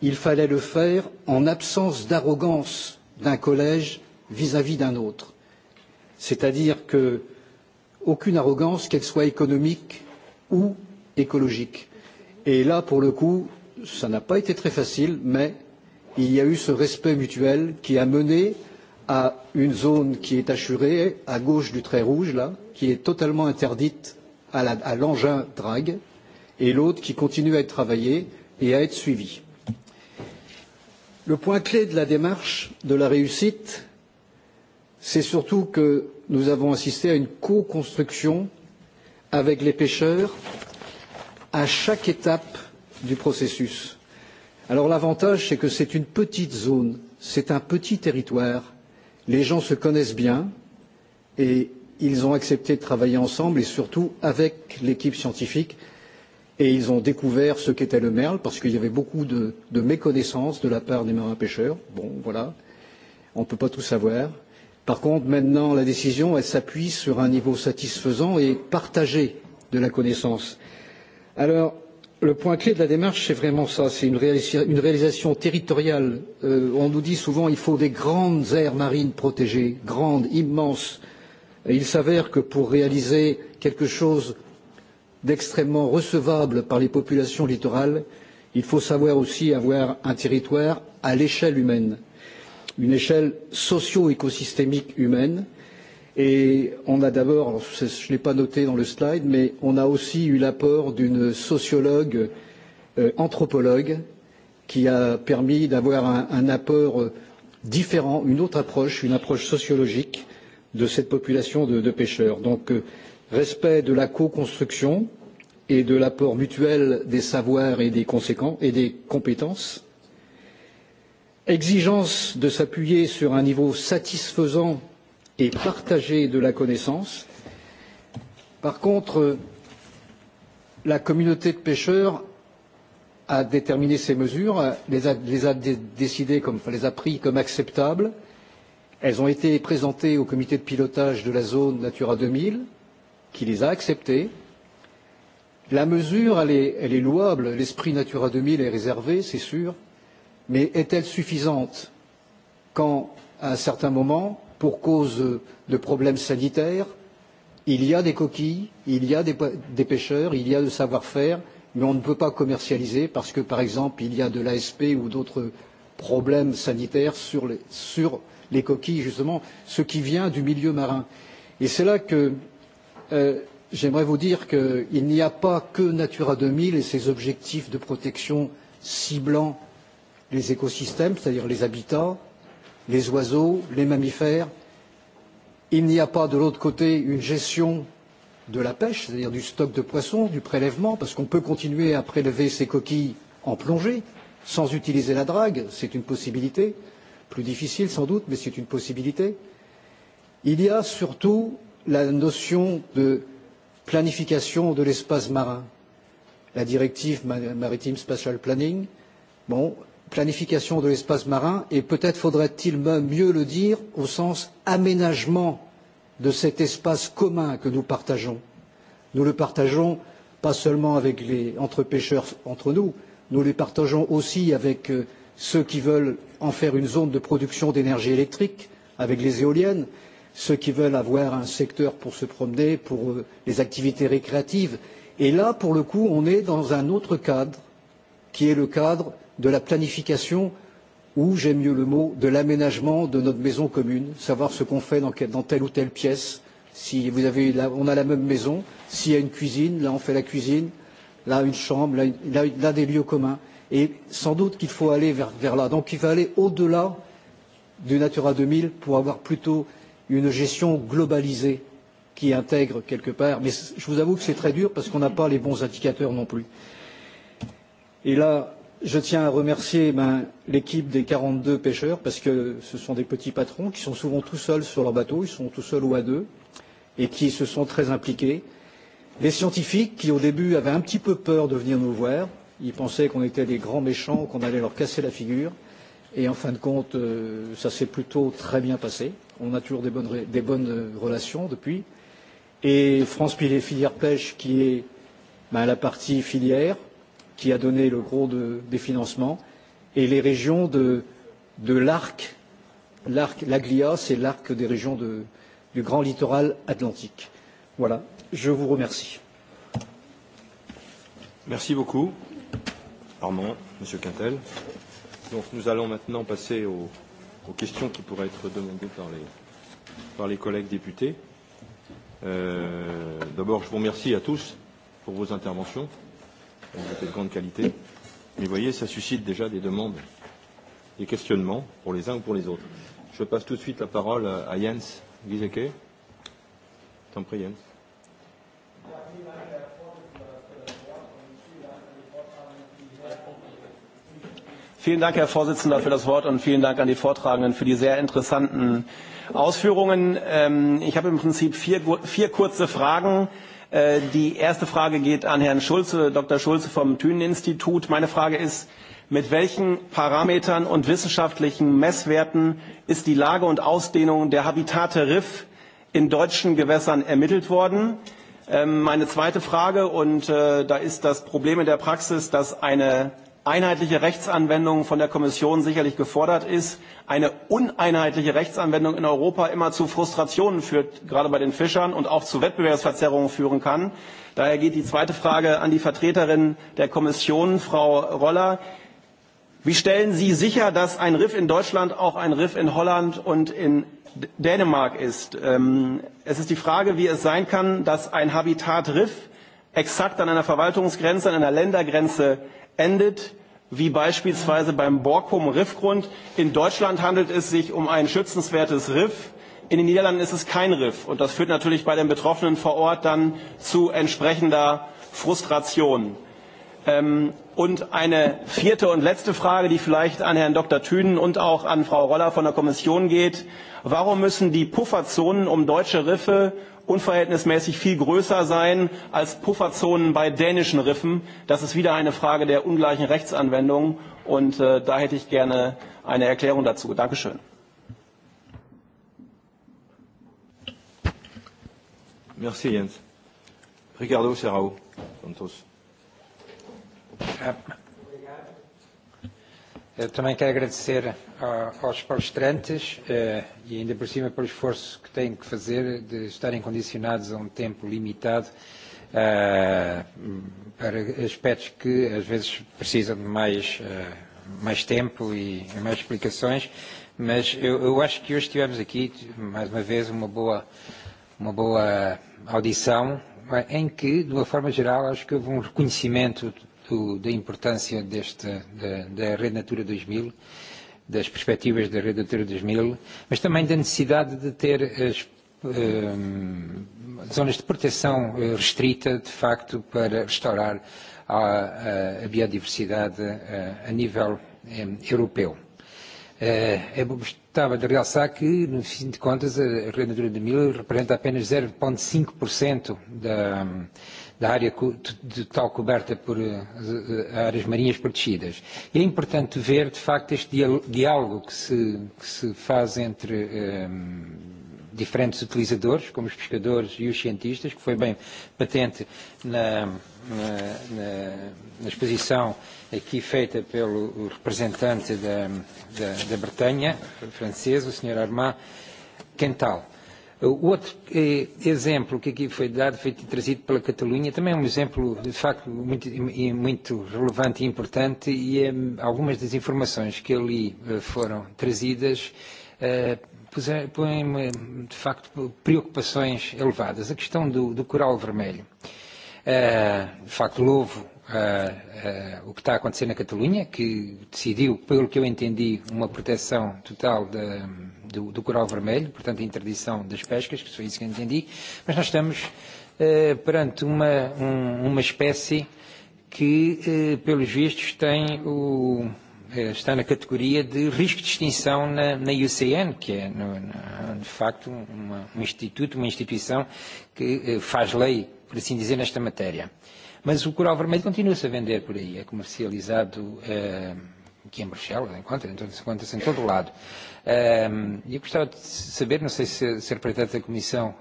Il fallait le faire en absence d'arrogance d'un collège vis-à-vis d'un autre. C'est-à-dire que aucune arrogance, qu'elle soit économique ou écologique. Et là, pour le coup, ça n'a pas été très facile, mais il y a eu ce respect mutuel qui a mené à une zone qui est assurée, à gauche du trait rouge, là, qui est totalement interdite à l'engin drague, et l'autre qui continue à être travaillée et à être suivie. Le point clé de la démarche, de la réussite, c'est surtout que nous avons assisté à une co-construction avec les pêcheurs à chaque étape du processus. Alors l'avantage, c'est que c'est une petite zone, c'est un petit territoire, les gens se connaissent bien et ils ont accepté de travailler ensemble et surtout avec l'équipe scientifique et ils ont découvert ce qu'était le merle parce qu'il y avait beaucoup de, de méconnaissance de la part des marins pêcheurs. Bon, voilà, on ne peut pas tout savoir. Par contre, maintenant, la décision, elle s'appuie sur un niveau satisfaisant et partagé de la connaissance. Alors, le point clé de la démarche, c'est vraiment ça, c'est une, réalis une réalisation territoriale. Euh, on nous dit souvent qu'il faut des grandes aires marines protégées, grandes, immenses. Et il s'avère que pour réaliser quelque chose d'extrêmement recevable par les populations littorales, il faut savoir aussi avoir un territoire à l'échelle humaine, une échelle socio-écosystémique humaine. Et on a d'abord, je ne l'ai pas noté dans le slide, mais on a aussi eu l'apport d'une sociologue euh, anthropologue qui a permis d'avoir un, un apport euh, différent, une autre approche, une approche sociologique de cette population de, de pêcheurs. Donc euh, respect de la co-construction et de l'apport mutuel des savoirs et des, conséquences, et des compétences, exigence de s'appuyer sur un niveau satisfaisant et partagé de la connaissance. Par contre, la communauté de pêcheurs a déterminé ces mesures, les a, les a décidées comme, enfin, les a pris comme acceptables. Elles ont été présentées au comité de pilotage de la zone Natura 2000 qui les a acceptées. La mesure, elle est, elle est louable, l'esprit Natura 2000 est réservé, c'est sûr, mais est-elle suffisante quand, à un certain moment, pour cause de problèmes sanitaires, il y a des coquilles, il y a des, des pêcheurs, il y a de savoir-faire, mais on ne peut pas commercialiser parce que, par exemple, il y a de l'ASP ou d'autres problèmes sanitaires sur les, sur les coquilles, justement, ce qui vient du milieu marin. Et c'est là que Euh, j'aimerais vous dire qu'il n'y a pas que Natura 2000 et ses objectifs de protection ciblant les écosystèmes, c'est-à-dire les habitats, les oiseaux, les mammifères. Il n'y a pas de l'autre côté une gestion de la pêche, c'est-à-dire du stock de poissons, du prélèvement, parce qu'on peut continuer à prélever ces coquilles en plongée sans utiliser la drague, c'est une possibilité, plus difficile sans doute, mais c'est une possibilité. Il y a surtout la notion de planification de l'espace marin. La directive maritime spatial planning, bon, planification de l'espace marin, et peut-être faudrait-il même mieux le dire au sens aménagement de cet espace commun que nous partageons. Nous le partageons pas seulement avec les, entre pêcheurs entre nous, nous le partageons aussi avec euh, ceux qui veulent en faire une zone de production d'énergie électrique, avec les éoliennes, ceux qui veulent avoir un secteur pour se promener, pour euh, les activités récréatives. Et là, pour le coup, on est dans un autre cadre, qui est le cadre de la planification, ou j'aime mieux le mot, de l'aménagement de notre maison commune, savoir ce qu'on fait dans, dans telle ou telle pièce. Si vous avez, là, on a la même maison, s'il y a une cuisine, là on fait la cuisine, là une chambre, là, là, là des lieux communs. Et sans doute qu'il faut aller vers, vers là. Donc il faut aller au-delà du Natura 2000 pour avoir plutôt une gestion globalisée qui intègre quelque part. Mais je vous avoue que c'est très dur parce qu'on n'a pas les bons indicateurs non plus. Et là, je tiens à remercier ben, l'équipe des 42 pêcheurs parce que ce sont des petits patrons qui sont souvent tout seuls sur leur bateau, ils sont tout seuls ou à deux, et qui se sont très impliqués. Les scientifiques qui au début avaient un petit peu peur de venir nous voir, ils pensaient qu'on était des grands méchants, qu'on allait leur casser la figure, et en fin de compte, euh, ça s'est plutôt très bien passé. On a toujours des bonnes, des bonnes euh, relations depuis. Et France Filière Pêche, qui est ben, la partie filière, qui a donné le gros de, des financements, et les régions de, de l'ARC, l'ARC, l'AGLIA, c'est l'ARC des régions de, du grand littoral atlantique. Voilà, je vous remercie.
Merci beaucoup. Armand, Monsieur Quintel. Donc nous allons maintenant passer au aux questions qui pourraient être demandées par les, par les collègues députés. Euh, D'abord, je vous remercie à tous pour vos interventions. Elles étaient de grande qualité. Mais vous voyez, ça suscite déjà des demandes, des questionnements pour les uns ou pour les autres. Je passe tout de suite la parole à Jens Giseke. T'en prie, Jens.
Merci,
Vielen Dank, Herr Vorsitzender, für das Wort und vielen Dank an die Vortragenden für die sehr interessanten Ausführungen. Ähm, ich habe im Prinzip vier, vier kurze Fragen. Äh, die erste Frage geht an Herrn Schulze, Dr. Schulze vom Thünen-Institut. Meine Frage ist, mit welchen Parametern und wissenschaftlichen Messwerten ist die Lage und Ausdehnung der Habitate Riff in deutschen Gewässern ermittelt worden? Ähm, meine zweite Frage, und äh, da ist das Problem in der Praxis, dass eine einheitliche Rechtsanwendung von der Kommission sicherlich gefordert ist. Eine uneinheitliche Rechtsanwendung in Europa immer zu Frustrationen führt, gerade bei den Fischern, und auch zu Wettbewerbsverzerrungen führen kann. Daher geht die zweite Frage an die Vertreterin der Kommission, Frau Roller. Wie stellen Sie sicher, dass ein Riff in Deutschland auch ein Riff in Holland und in Dänemark ist? Ähm, es ist die Frage, wie es sein kann, dass ein Habitat Riff exakt an einer Verwaltungsgrenze, an einer Ländergrenze endet wie beispielsweise beim Borkum Riffgrund. In Deutschland handelt es sich um ein schützenswertes Riff. In den Niederlanden ist es kein Riff. Und das führt natürlich bei den Betroffenen vor Ort dann zu entsprechender Frustration. Ähm, und eine vierte und letzte Frage, die vielleicht an Herrn Dr. Thünen und auch an Frau Roller von der Kommission geht. Warum müssen die Pufferzonen um deutsche Riffe unverhältnismäßig viel größer sein als Pufferzonen bei dänischen Riffen. Das ist wieder eine Frage der ungleichen Rechtsanwendung. Und äh, da hätte ich gerne eine Erklärung dazu. Dankeschön.
Merci Jens. Ricardo Serrao, Santos.
Eh, também quero agradecer a, aos palestrantes eh, e ainda por cima pelo esforço que têm que fazer de estarem condicionados a um tempo limitado eh, para aspectos que às vezes precisam de mais, eh, mais tempo e, e mais explicações, mas eu, eu acho que hoje tivemos aqui, mais uma vez, uma boa, uma boa audição eh, em que, de uma forma geral, acho que houve um reconhecimento do, da importância desta, da, da Rede Natura 2000, das perspectivas da Rede Natura 2000, mas também da necessidade de ter as eh, zonas de proteção eh, restrita, de facto, para restaurar a, a a biodiversidade a, eh, a nível eh, europeu. Eh, eu gostava de realçar que, no fim de contas, a Rede Natura 2000 representa apenas 0,5% da da área total coberta por eh, eh, áreas marinhas protegidas. E é importante ver, de facto, este diálogo que se, que se faz entre um, diferentes utilizadores, como os pescadores e os cientistas, que foi bem patente na, na, na, na exposição aqui feita pelo representante da, da, da Bretanha francesa, o Sr. Armand Quental. O outro eh, exemplo que aqui foi dado, foi trazido pela Catalunha, também é um exemplo de facto muito, e muito relevante e importante e é, algumas das informações que ali eh, foram trazidas eh, põem-me de facto preocupações elevadas. A questão do, do coral vermelho. De facto, louvo uh, uh, o que está a acontecer na Catalunha, que decidiu, pelo que eu entendi, uma proteção total da, do, do coral vermelho, portanto a interdição das pescas, que foi isso que eu entendi, mas nós estamos eh, perante uma, um, uma espécie que, eh, pelos vistos, tem o, eh, está na categoria de risco de extinção na, na UCN, que é, no, na, de facto, uma, um instituto, uma instituição que eh, faz lei, por assim dizer, nesta matéria. Mas o coral vermelho continua-se a vender por aí, é comercializado. Eh, aqui em Bruxelas, enquanto, encontra-se em todo o lado. Um, eu gostava de saber, não sei se, o Sr. Presidente da Comissão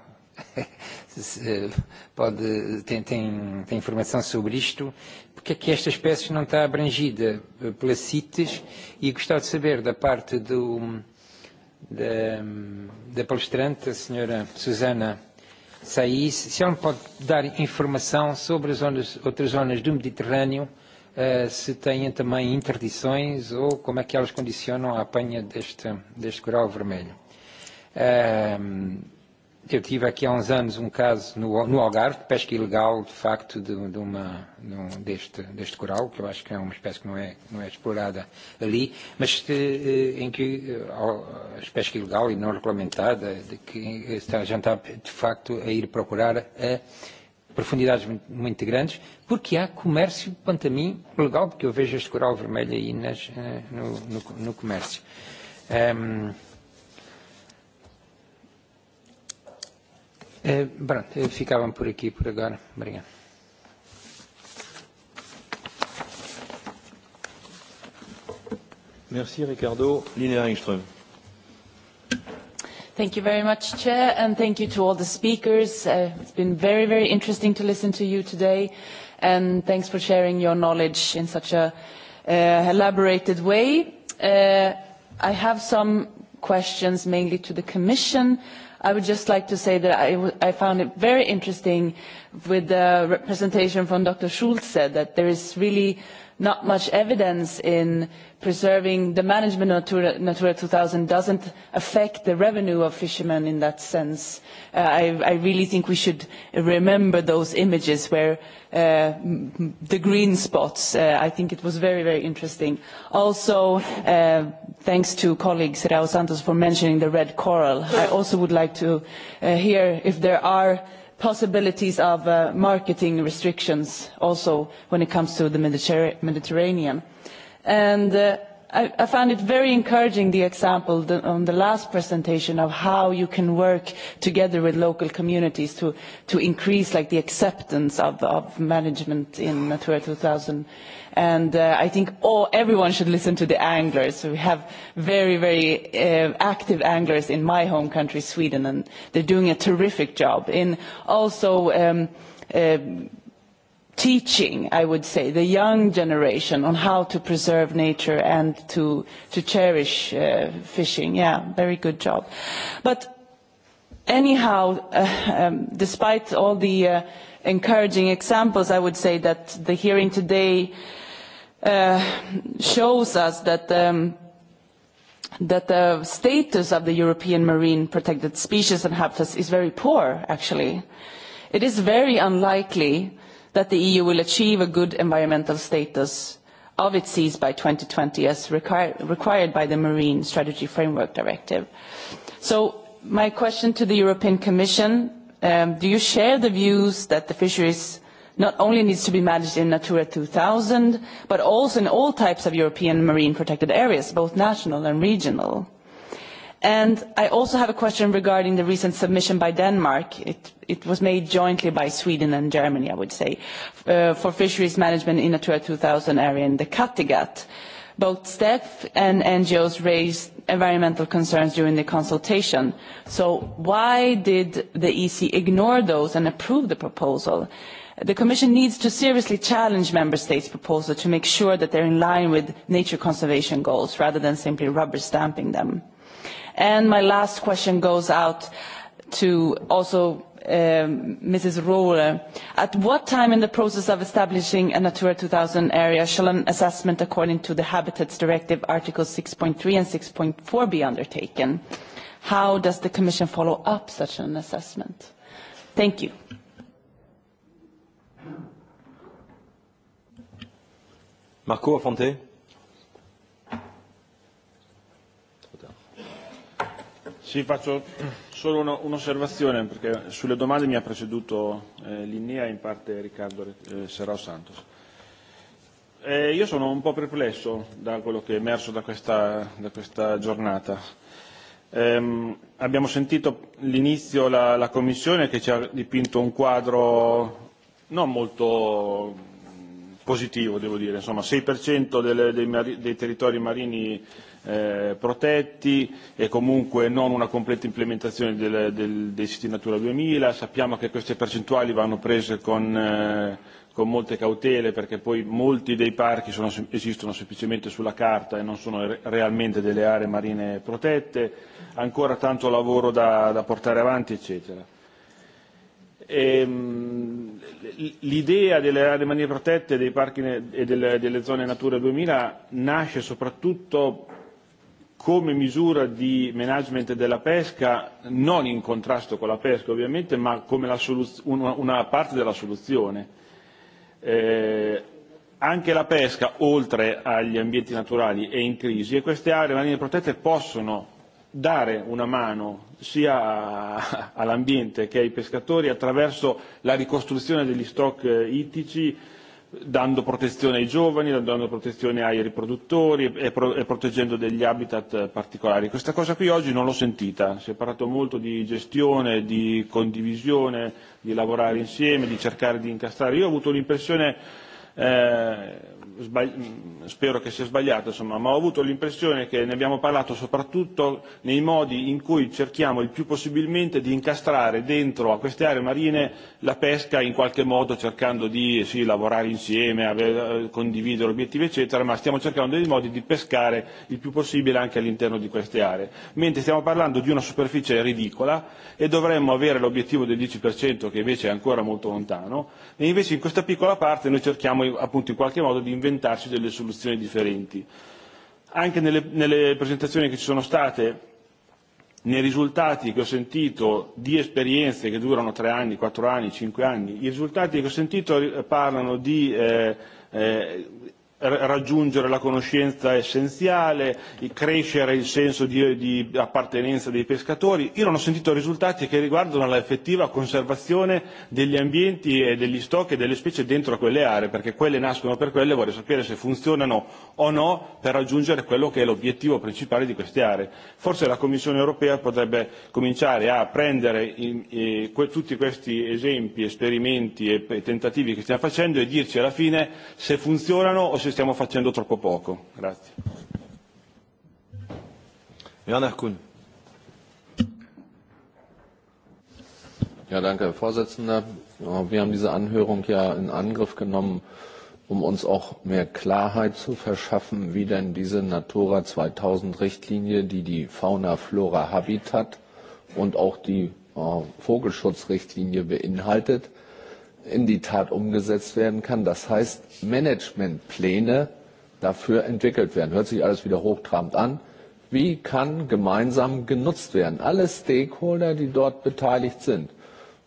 se pode, tem, tem, tem informação sobre isto, porque é que esta espécie não está abrangida eh, pela CITES e gostava de saber da parte do, da, da palestrante, a senhora Susana Saís, se ela me pode dar informação sobre as zonas, outras zonas do Mediterrâneo uh, se têm também interdições ou como é que elas condicionam a apanha deste, deste coral vermelho. Eu tive aqui há uns anos um caso no, no Algarve, de pesca ilegal, de facto, de, de uma, de um, deste, deste coral, que eu acho que é uma espécie que não é, não é explorada ali, mas de, eh, em que eh, a pesca ilegal e não regulamentada, de que está a jantar, de facto, a ir procurar a profundidades muito, muito grandes, porque há comércio, quanto a mim, legal, porque eu vejo este coral vermelho aí nas, eh, no, no, no comércio. Um, ehm, é, eh, pronto, eu eh, ficava por aqui por agora. Obrigado. Merci Ricardo. Lina Engström.
Thank you very much, Chair, and thank you to all the speakers. Uh, it's been very, very interesting to listen to you today, and thanks for sharing your knowledge in such a uh, elaborated way. Uh, I have some questions mainly to the Commission. I would just like to say that I, I found it very interesting with the presentation from Dr. Schulze that there is really not much evidence in preserving the management of Natura, Natura 2000 doesn't affect the revenue of fishermen in that sense. Uh, I, I really think we should remember those images where uh, the green spots, uh, I think it was very, very interesting. Also, uh, thanks to colleague Serrao Santos for mentioning the red coral. I also would like to uh, hear if there are possibilities of uh, marketing restrictions also when it comes to the Mediterranean. And uh, I, I found it very encouraging the example the, on the last presentation of how you can work together with local communities to, to increase like, the acceptance of, of management in Natura 2000 and uh, I think all, everyone should listen to the anglers. we have very, very uh, active anglers in my home country, Sweden, and they're doing a terrific job in also um, uh, teaching, I would say, the young generation on how to preserve nature and to, to cherish uh, fishing. Yeah, very good job. But anyhow, uh, um, despite all the uh, encouraging examples, I would say that the hearing today uh, Uh, shows us that um, that the status of the European marine protected species and habitats is very poor, actually. It is very unlikely that the EU will achieve a good environmental status of its seas by 2020 as requir required by the Marine Strategy Framework Directive. So my question to the European Commission, um, do you share the views that the fisheries not only needs to be managed in Natura 2000, but also in all types of European marine protected areas, both national and regional. And I also have a question regarding the recent submission by Denmark. It, it was made jointly by Sweden and Germany, I would say, uh, for fisheries management in Natura 2000 area in the Kattegat. Both staff and NGOs raised environmental concerns during the consultation. So why did the EC ignore those and approve the proposal? the Commission needs to seriously challenge Member States' proposals to make sure that they are in line with nature conservation goals rather than simply rubber stamping them. And my last question goes out to also um, Mrs. Rohler. At what time in the process of establishing a Natura 2000 area shall an assessment according to the Habitats Directive Articles 6.3 and 6.4 be undertaken? How does the Commission follow up such an assessment? Thank you.
Marco Afante.
Sì, faccio solo un'osservazione perché sulle domande mi ha preceduto eh, Linnea e in parte Riccardo eh, Serrao Santos. Eh, io sono un po' perplesso da quello che è emerso da questa, da questa giornata. Eh, abbiamo sentito l'inizio la, la Commissione che ci ha dipinto un quadro non molto mm, positivo, devo dire, insomma 6% delle, dei, mari, dei territori marini eh, protetti e comunque non una completa implementazione del, del, dei siti Natura 2000, sappiamo che queste percentuali vanno prese con, eh, con molte cautele perché poi molti dei parchi sono, esistono semplicemente sulla carta e non sono re, realmente delle aree marine protette, ancora tanto lavoro da, da portare avanti eccetera. E, ehm, mh, l'idea delle aree marine protette, dei parchi e delle, delle zone Natura 2000 nasce soprattutto come misura di management della pesca, non in contrasto con la pesca ovviamente, ma come la una, una parte della soluzione. Eh, anche la pesca, oltre agli ambienti naturali, è in crisi e queste aree marine protette possono dare una mano sia all'ambiente che ai pescatori attraverso la ricostruzione degli stock eh, ittici dando protezione ai giovani, dando protezione ai riproduttori e, e pro- e proteggendo degli habitat eh, particolari. Questa cosa qui oggi non l'ho sentita, si è parlato molto di gestione, di condivisione, di lavorare insieme, di cercare di incastrare. Io ho avuto l'impressione eh, spero che sia sbagliato insomma, ma ho avuto l'impressione che ne abbiamo parlato soprattutto nei modi in cui cerchiamo il più possibilmente di incastrare dentro a queste aree marine la pesca in qualche modo cercando di sì, lavorare insieme, avere, eh, condividere obiettivi eccetera, ma stiamo cercando dei modi di pescare il più possibile anche all'interno di queste aree, mentre stiamo parlando di una superficie ridicola e dovremmo avere l'obiettivo del 10% che invece è ancora molto lontano e invece in questa piccola parte noi cerchiamo appunto in qualche modo di inventare inventarci delle soluzioni differenti. Anche nelle, nelle presentazioni che ci sono state, nei risultati che ho sentito di esperienze che durano tre anni, quattro anni, cinque anni, i risultati che ho sentito eh, parlano di eh, eh, raggiungere la conoscenza essenziale, crescere il senso di, di appartenenza dei pescatori. Io non ho sentito risultati che riguardano l'effettiva conservazione degli ambienti e degli stock e delle specie dentro quelle aree, perché quelle nascono per quelle, e vorrei sapere se funzionano o no per raggiungere quello che è l'obiettivo principale di queste aree. Forse la Commissione europea potrebbe cominciare a prendere in, in, e, in, que, tutti questi esempi, esperimenti e, e tentativi che stiamo facendo e dirci alla fine se funzionano o se oggi stiamo facendo
troppo poco. Grazie. Ja, danke, Herr Vorsitzender. Wir haben diese Anhörung ja in Angriff genommen, um uns auch mehr Klarheit zu verschaffen, wie denn diese Natura 2000 Richtlinie, die die Fauna Flora Habitat und auch die äh, Vogelschutzrichtlinie beinhaltet, in die Tat umgesetzt werden kann. Das heißt, Managementpläne dafür entwickelt werden. Hört sich alles wieder hochtrabend an. Wie kann gemeinsam genutzt werden? Alle Stakeholder, die dort beteiligt sind.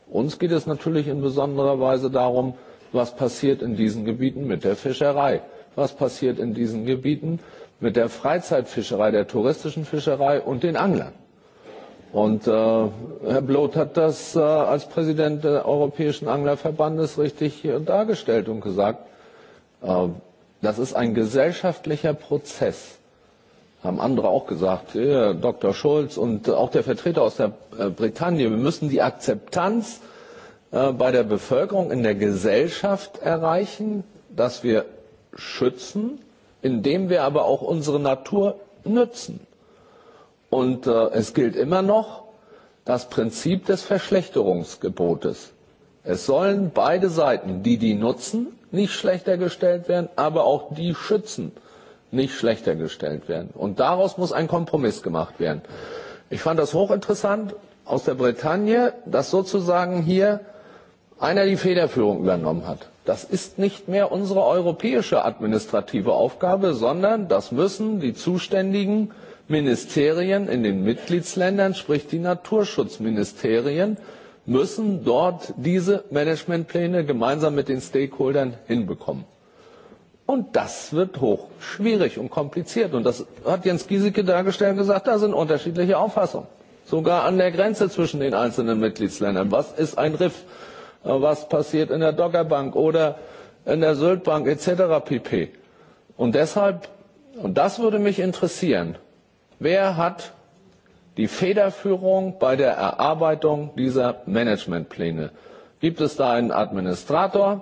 Uns geht es natürlich in besonderer Weise darum, was passiert in diesen Gebieten mit der Fischerei, was passiert in diesen Gebieten mit der Freizeitfischerei, der touristischen Fischerei und den Anglern. Und äh, Herr Bloth hat das äh, als Präsident des Europäischen Anglerverbandes richtig äh, dargestellt und gesagt, äh, das ist ein gesellschaftlicher Prozess. Haben andere auch gesagt, ja, Dr. Schulz und auch der Vertreter aus der äh, Britannien, wir müssen die Akzeptanz äh, bei der Bevölkerung in der Gesellschaft erreichen, dass wir schützen, indem wir aber auch unsere Natur nützen. Und äh, es gilt immer noch das Prinzip des Verschlechterungsgebotes. Es sollen beide Seiten, die die nutzen, nicht schlechter gestellt werden, aber auch die schützen, nicht schlechter gestellt werden. Und daraus muss ein Kompromiss gemacht werden. Ich fand das hochinteressant aus der Bretagne, dass sozusagen hier einer die Federführung übernommen hat. Das ist nicht mehr unsere europäische administrative Aufgabe, sondern das müssen die zuständigen äh, Ministerien in den Mitgliedsländern, sprich die Naturschutzministerien, müssen dort diese Managementpläne gemeinsam mit den Stakeholdern hinbekommen. Und das wird hoch schwierig und kompliziert. Und das hat Jens Giesecke dargestellt und gesagt, da sind unterschiedliche Auffassungen. Sogar an der Grenze zwischen den einzelnen Mitgliedsländern. Was ist ein Riff? Äh, was passiert in der Doggerbank oder in der Syltbank etc. pp. Und deshalb, und das würde mich interessieren, Wer hat die Federführung bei der Erarbeitung dieser Managementpläne? Gibt es da einen Administrator,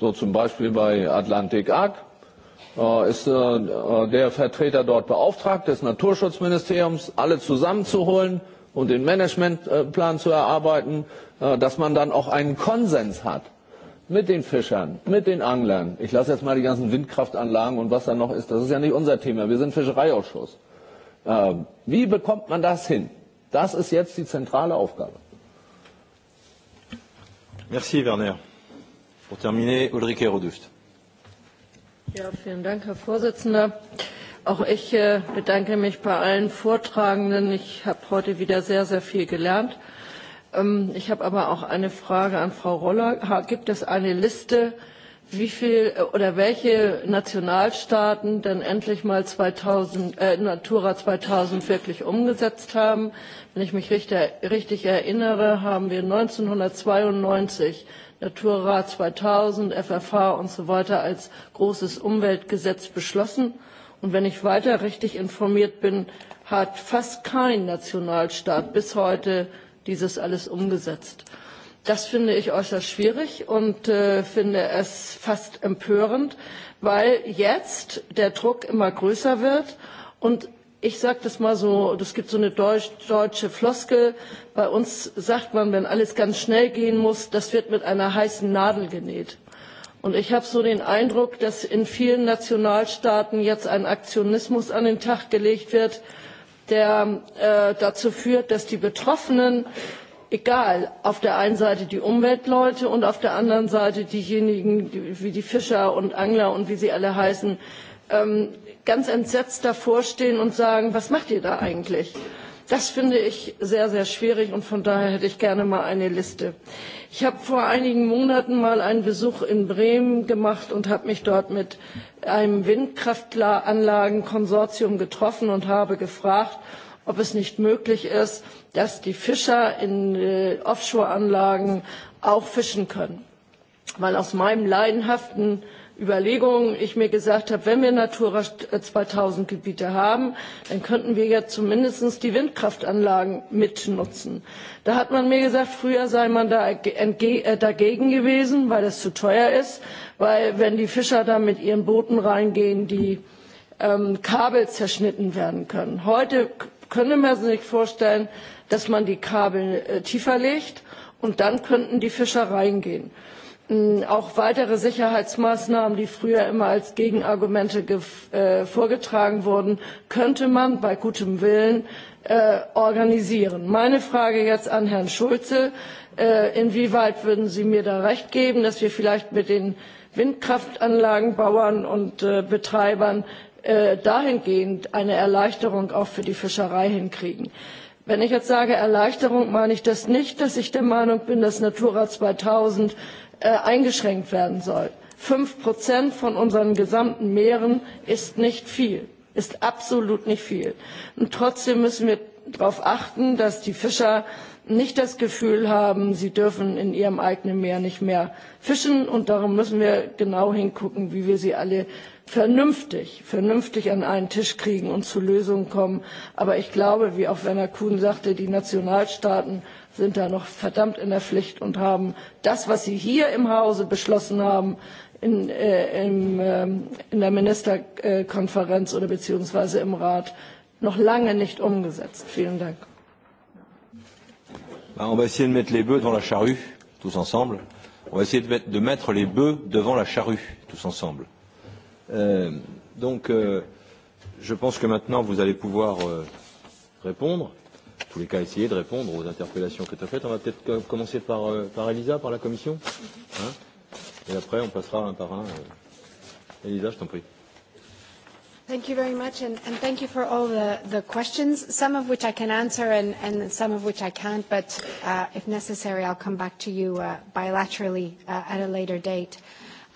so zum Beispiel bei Atlantic Arc? Äh, ist äh, der Vertreter dort beauftragt, des Naturschutzministeriums, alle zusammenzuholen und den Managementplan zu erarbeiten, äh, dass man dann auch einen Konsens hat mit den Fischern, mit den Anglern. Ich lasse jetzt mal die ganzen Windkraftanlagen und was da noch ist. Das ist ja nicht unser Thema. Wir sind Fischereiausschuss. Ähm, wie bekommt man das hin? Das ist jetzt die zentrale Aufgabe. Merci Werner.
Pour terminer, Ulrike Rodust.
Ja, vielen Dank, Herr Vorsitzender. Auch ich äh, bedanke mich bei allen Vortragenden. Ich habe heute wieder sehr, sehr viel gelernt. Ähm, ich habe aber auch eine Frage an Frau Roller. Gibt es eine Liste, wie viel äh, oder welche Nationalstaaten denn endlich mal 2000, äh, Natura 2000 wirklich umgesetzt haben. Wenn ich mich richtig, er, richtig erinnere, haben wir 1992 Natura 2000, FFH und so weiter als großes Umweltgesetz beschlossen. Und wenn ich weiter richtig informiert bin, hat fast kein Nationalstaat bis heute dieses alles umgesetzt. Das finde ich äußerst schwierig und äh, finde es fast empörend, weil jetzt der Druck immer größer wird und ich sage das mal so, es gibt so eine deutsch, deutsche Floskel, bei uns sagt man, wenn alles ganz schnell gehen muss, das wird mit einer heißen Nadel genäht. Und ich habe so den Eindruck, dass in vielen Nationalstaaten jetzt ein Aktionismus an den Tag gelegt wird, der äh, dazu führt, dass die Betroffenen egal auf der einen seite die umweltleute und auf der anderen seite diejenigen wie die fischer und angler und wie sie alle heißen ähm, ganz entsetzt davorstehen und sagen was macht ihr da eigentlich? das finde ich sehr sehr schwierig und von daher hätte ich gerne mal eine liste. ich habe vor einigen monaten mal einen besuch in bremen gemacht und habe mich dort mit einem windkraftanlagenkonsortium getroffen und habe gefragt ob es nicht möglich ist dass die Fischer in äh, Offshore-Anlagen auch fischen können. Weil aus meinen leidenhaften Überlegungen ich mir gesagt habe, wenn wir Natura 2000 Gebiete haben, dann könnten wir ja zumindest die Windkraftanlagen mitnutzen. Da hat man mir gesagt, früher sei man da äh, dagegen gewesen, weil das zu teuer ist, weil wenn die Fischer da mit ihren Booten reingehen, die ähm, Kabel zerschnitten werden können. Heute können wir uns nicht vorstellen, dass man die Kabel äh, tiefer legt und dann könnten die Fischer reingehen. Mm, auch weitere Sicherheitsmaßnahmen, die früher immer als Gegenargumente äh, vorgetragen wurden, könnte man bei gutem Willen äh, organisieren. Meine Frage jetzt an Herrn Schulze, äh, inwieweit würden Sie mir da recht geben, dass wir vielleicht mit den Windkraftanlagenbauern und äh, Betreibern äh, dahingehend eine Erleichterung auch für die Fischerei hinkriegen? Äh, Wenn ich jetzt sage Erleichterung, meine ich das nicht, dass ich der Meinung bin, dass Natura zweitausend äh, eingeschränkt werden soll. Fünf Prozent von unseren gesamten Meeren ist nicht viel, ist absolut nicht viel. Und trotzdem müssen wir darauf achten, dass die Fischer nicht das Gefühl haben, sie dürfen in ihrem eigenen Meer nicht mehr fischen. Und darum müssen wir genau hingucken, wie wir sie alle vernünftig, vernünftig an einen Tisch kriegen und zu Lösungen kommen. Aber ich glaube, wie auch Werner Kuhn sagte, die Nationalstaaten sind da noch verdammt in der Pflicht und haben das, was sie hier im Hause beschlossen haben, in, äh, im, äh, in der Ministerkonferenz oder beziehungsweise im Rat noch lange nicht umgesetzt. Vielen Dank
ben, on va essayer de mettre les bœufs devant la charrue, tous ensemble. On va essayer de mettre, de mettre les bœufs devant la charrue, tous ensemble. Euh, donc, euh, je pense que maintenant, vous allez pouvoir euh, répondre. En tous les cas, essayer de répondre aux interpellations que tu as faites. On va peut-être commencer par, euh, par Elisa, par la commission. Hein Et après, on passera un par un. Euh... Elisa, je t'en prie.
Thank you very much, and, and thank you for all the, the questions, some of which I can answer and, and some of which I can't, but uh, if necessary, I'll come back to you uh, bilaterally uh, at a later date.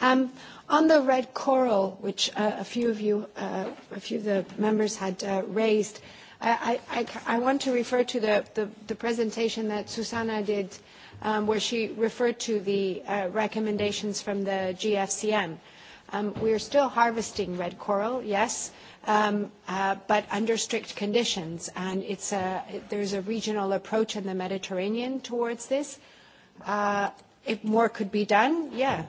Um, on the red coral, which uh, a few of you, uh, a few of the members had uh, raised, I, I, I want to refer to the, the, the presentation that Susana did, um, where she referred to the uh, recommendations from the GFCM. Um, we are still harvesting red coral, yes, um, uh, but under strict conditions. And it's a, there's a regional approach in the Mediterranean towards this. Uh, if more could be done, yeah,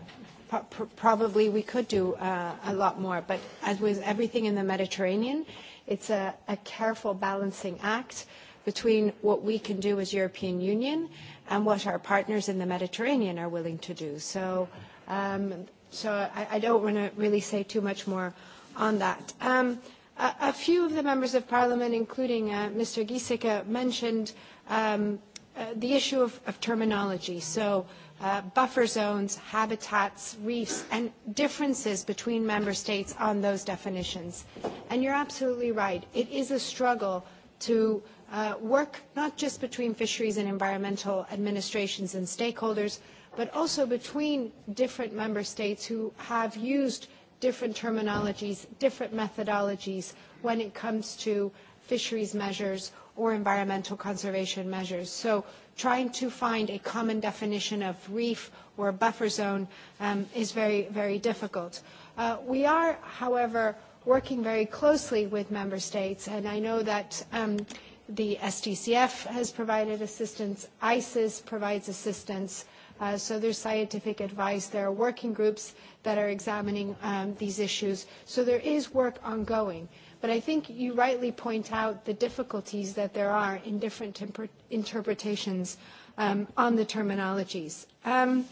pro- probably we could do uh, a lot more. But as with everything in the Mediterranean, it's a, a careful balancing act between what we can do as European Union and what our partners in the Mediterranean are willing to do. So um, So I, I don't want to really say too much more on that. Um, a, a few of the members of parliament, including uh, Mr. Gisica, mentioned um, uh, the issue of, of terminology. So uh, buffer zones, habitats, reefs, and differences between member states on those definitions. And you're absolutely right. It is a struggle to uh, work not just between fisheries and environmental administrations and stakeholders, but also between different member states who have used different terminologies, different methodologies when it comes to fisheries measures or environmental conservation measures. So trying to find a common definition of reef or buffer zone um, is very, very difficult. Uh, we are, however, working very closely with member states, and I know that um, the STCF has provided assistance, ISIS provides assistance, Uh, so there's scientific advice, there are working groups that are examining um, these issues. So there is work ongoing. But I think you rightly point out the difficulties that there are in different interpretations um, on the terminologies. Um,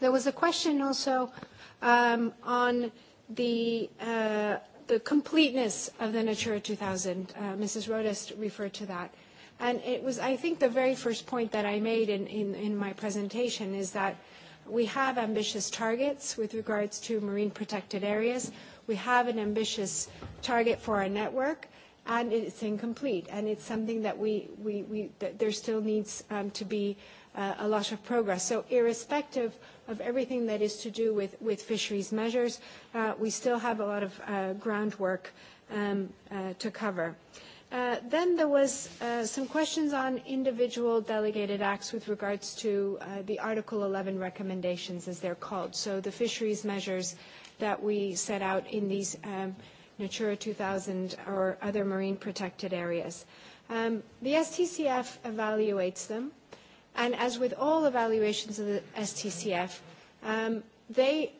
there was a question also um, on the uh, the completeness of the Natura 2000. Uh, Mrs. Rodest referred to that. And it was, I think, the very first point that I made in, in, in my presentation is that we have ambitious targets with regards to marine protected areas. We have an ambitious target for our network, and it's incomplete. And it's something that we, we, we that there still needs um, to be uh, a lot of progress. So irrespective of everything that is to do with, with fisheries measures, uh, we still have a lot of uh, groundwork um, uh, to cover. Uh, Uh, then there was uh, some questions on individual delegated acts with regards to uh, the Article 11 recommendations, as they're called. So the fisheries measures that we set out in these um, Natura 2000 or other marine protected areas. Um, the STCF evaluates them, and as with all evaluations of the STCF, um, they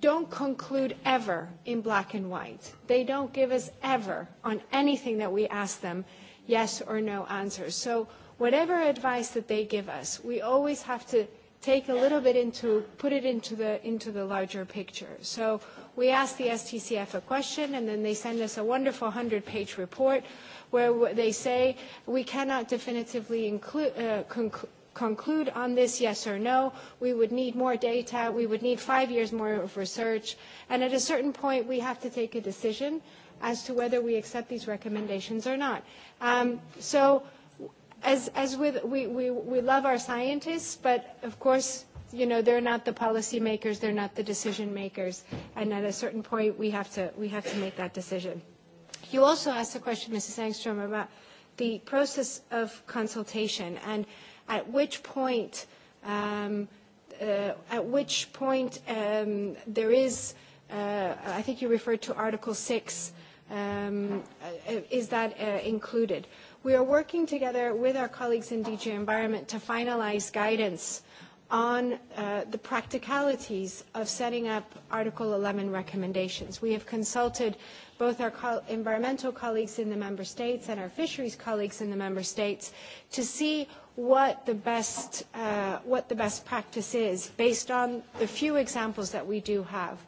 don't conclude ever in black and white. They don't give us ever on anything that we ask them yes or no answers. So whatever advice that they give us, we always have to take a little bit into, put it into the, into the larger picture. So we ask the STCF a question and then they send us a wonderful 100-page report where they say we cannot definitively include, uh, conclude conclude on this yes or no. We would need more data. We would need five years more of research. And at a certain point, we have to take a decision as to whether we accept these recommendations or not. Um, so as, as with, we, we, we love our scientists, but of course, you know, they're not the policy makers, they're not the decision makers. And at a certain point, we have to, we have to make that decision. You also asked a question, Mrs. Angstrom, about the process of consultation. And at which point um, uh, at which point um, there is, uh, I think you referred to Article 6, um, uh, is that uh, included? We are working together with our colleagues in DG Environment to finalize guidance on uh, the practicalities of setting up Article 11 recommendations. We have consulted both our co environmental colleagues in the member states and our fisheries colleagues in the member states to see what the best uh, what the best practice is based on the few examples that we do have.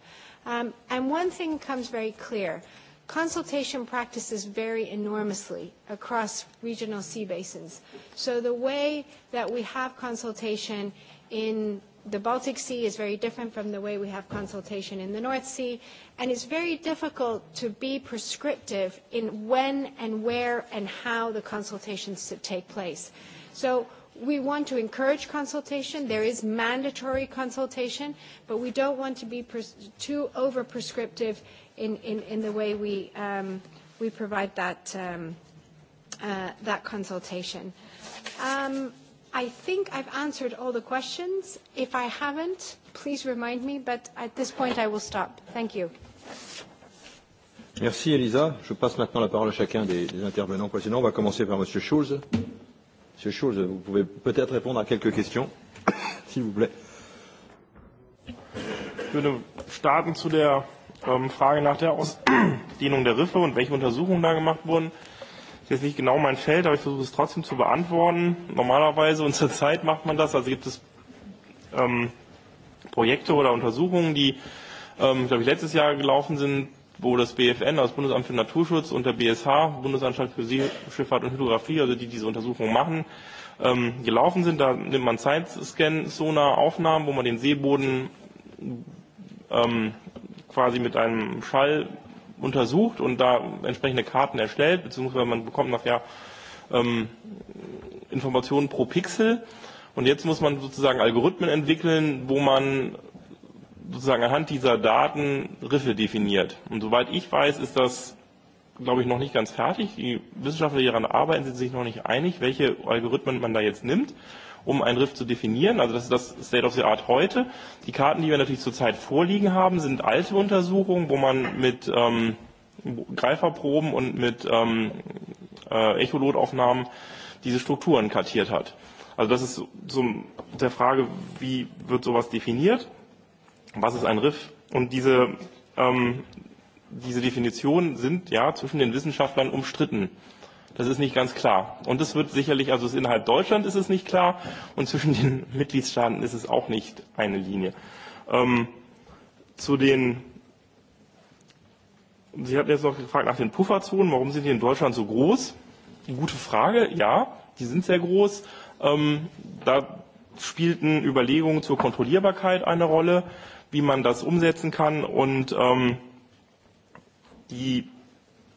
Um, and one thing comes very clear. Consultation practices vary enormously across regional sea basins. So the way that we have consultation in the Baltic Sea is very different from the way we have consultation in the North Sea, and it's very difficult to be prescriptive in when and where and how the consultations should take place. So we want to encourage consultation. There is mandatory consultation, but we don't want to be pres- too over-prescriptive in, in, in the way we, um, we provide that, um, uh, that consultation. Um, I think I've answered all the questions. If I haven't, please remind me, but at this point I will stop. Thank you.
Merci Elisa. Je passe maintenant la parole à chacun des, des intervenants précédents. On va commencer par Monsieur Schulz. Monsieur Schulz, vous pouvez peut-être répondre à quelques questions, s'il vous plaît.
Je vais starten zu der ähm, Frage nach der Ausdehnung der Riffe und welche Untersuchungen da gemacht wurden. Das ist jetzt nicht genau mein Feld, aber ich versuche es trotzdem zu beantworten. Normalerweise und Zeit macht man das. Also gibt es ähm, Projekte oder Untersuchungen, die, ähm, glaube ich, letztes Jahr gelaufen sind, wo das BFN, das Bundesamt für Naturschutz und der BSH, Bundesanstalt für Seeschifffahrt und Hydrographie, also die diese Untersuchung machen, ähm, gelaufen sind. Da nimmt man Zeitscan-Sonar-Aufnahmen, wo man den Seeboden ähm, quasi mit einem Schall untersucht und da entsprechende Karten erstellt, beziehungsweise man bekommt nachher ähm, Informationen pro Pixel. Und jetzt muss man sozusagen Algorithmen entwickeln, wo man sozusagen anhand dieser Daten Riffe definiert. Und soweit ich weiß, ist das, glaube ich, noch nicht ganz fertig. Die Wissenschaftler, die daran arbeiten, sind sich noch nicht einig, welche Algorithmen man da jetzt nimmt, um einen Riff zu definieren. Also das ist das State of the Art heute. Die Karten, die wir natürlich zurzeit vorliegen haben, sind alte Untersuchungen, wo man mit ähm, Greiferproben und mit ähm, äh, Echolotaufnahmen diese Strukturen kartiert hat. Also das ist so der Frage, wie wird sowas definiert? was ist ein Riff? Und diese, ähm, diese Definitionen sind ja zwischen den Wissenschaftlern umstritten. Das ist nicht ganz klar. Und es wird sicherlich, also innerhalb Deutschland ist es nicht klar und zwischen den Mitgliedstaaten ist es auch nicht eine Linie. Ähm, zu den, Sie hatten jetzt noch gefragt nach den Pufferzonen, warum sind die in Deutschland so groß? Gute Frage, ja, die sind sehr groß. Ähm, da spielten Überlegungen zur Kontrollierbarkeit eine Rolle wie man das umsetzen kann. Und ähm, die,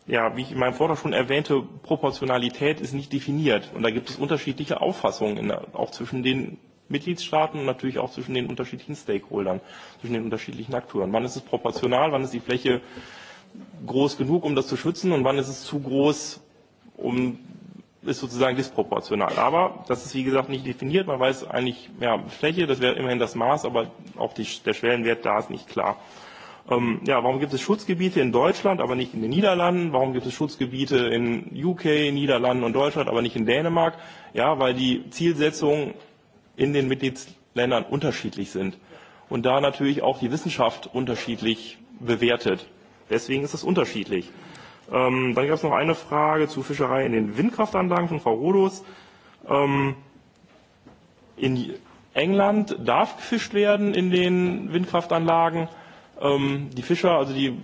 ja, wie ich in meinem Vortrag schon erwähnte, Proportionalität ist nicht definiert. Und da gibt es unterschiedliche Auffassungen, in, auch zwischen den Mitgliedstaaten und natürlich auch zwischen den unterschiedlichen Stakeholdern, zwischen den unterschiedlichen Akteuren. Wann ist es proportional, wann ist die Fläche groß genug, um das zu schützen und wann ist es zu groß, um ist sozusagen disproportional. Aber das ist wie gesagt nicht definiert. Man weiß eigentlich ja, Fläche, das wäre immerhin das Maß, aber auch die, der Schwellenwert da ist nicht klar. Ähm, ja, warum gibt es Schutzgebiete in Deutschland, aber nicht in den Niederlanden? Warum gibt es Schutzgebiete in UK, Niederlanden und Deutschland, aber nicht in Dänemark? Ja, weil die Zielsetzungen in den Mitgliedsländern unterschiedlich sind und da natürlich auch die Wissenschaft unterschiedlich bewertet. Deswegen ist es unterschiedlich. Ähm, dann gab es noch eine Frage zu Fischerei in den Windkraftanlagen von Frau Rodos. Ähm, in England darf gefischt werden in den Windkraftanlagen. Ähm, die Fischer, also die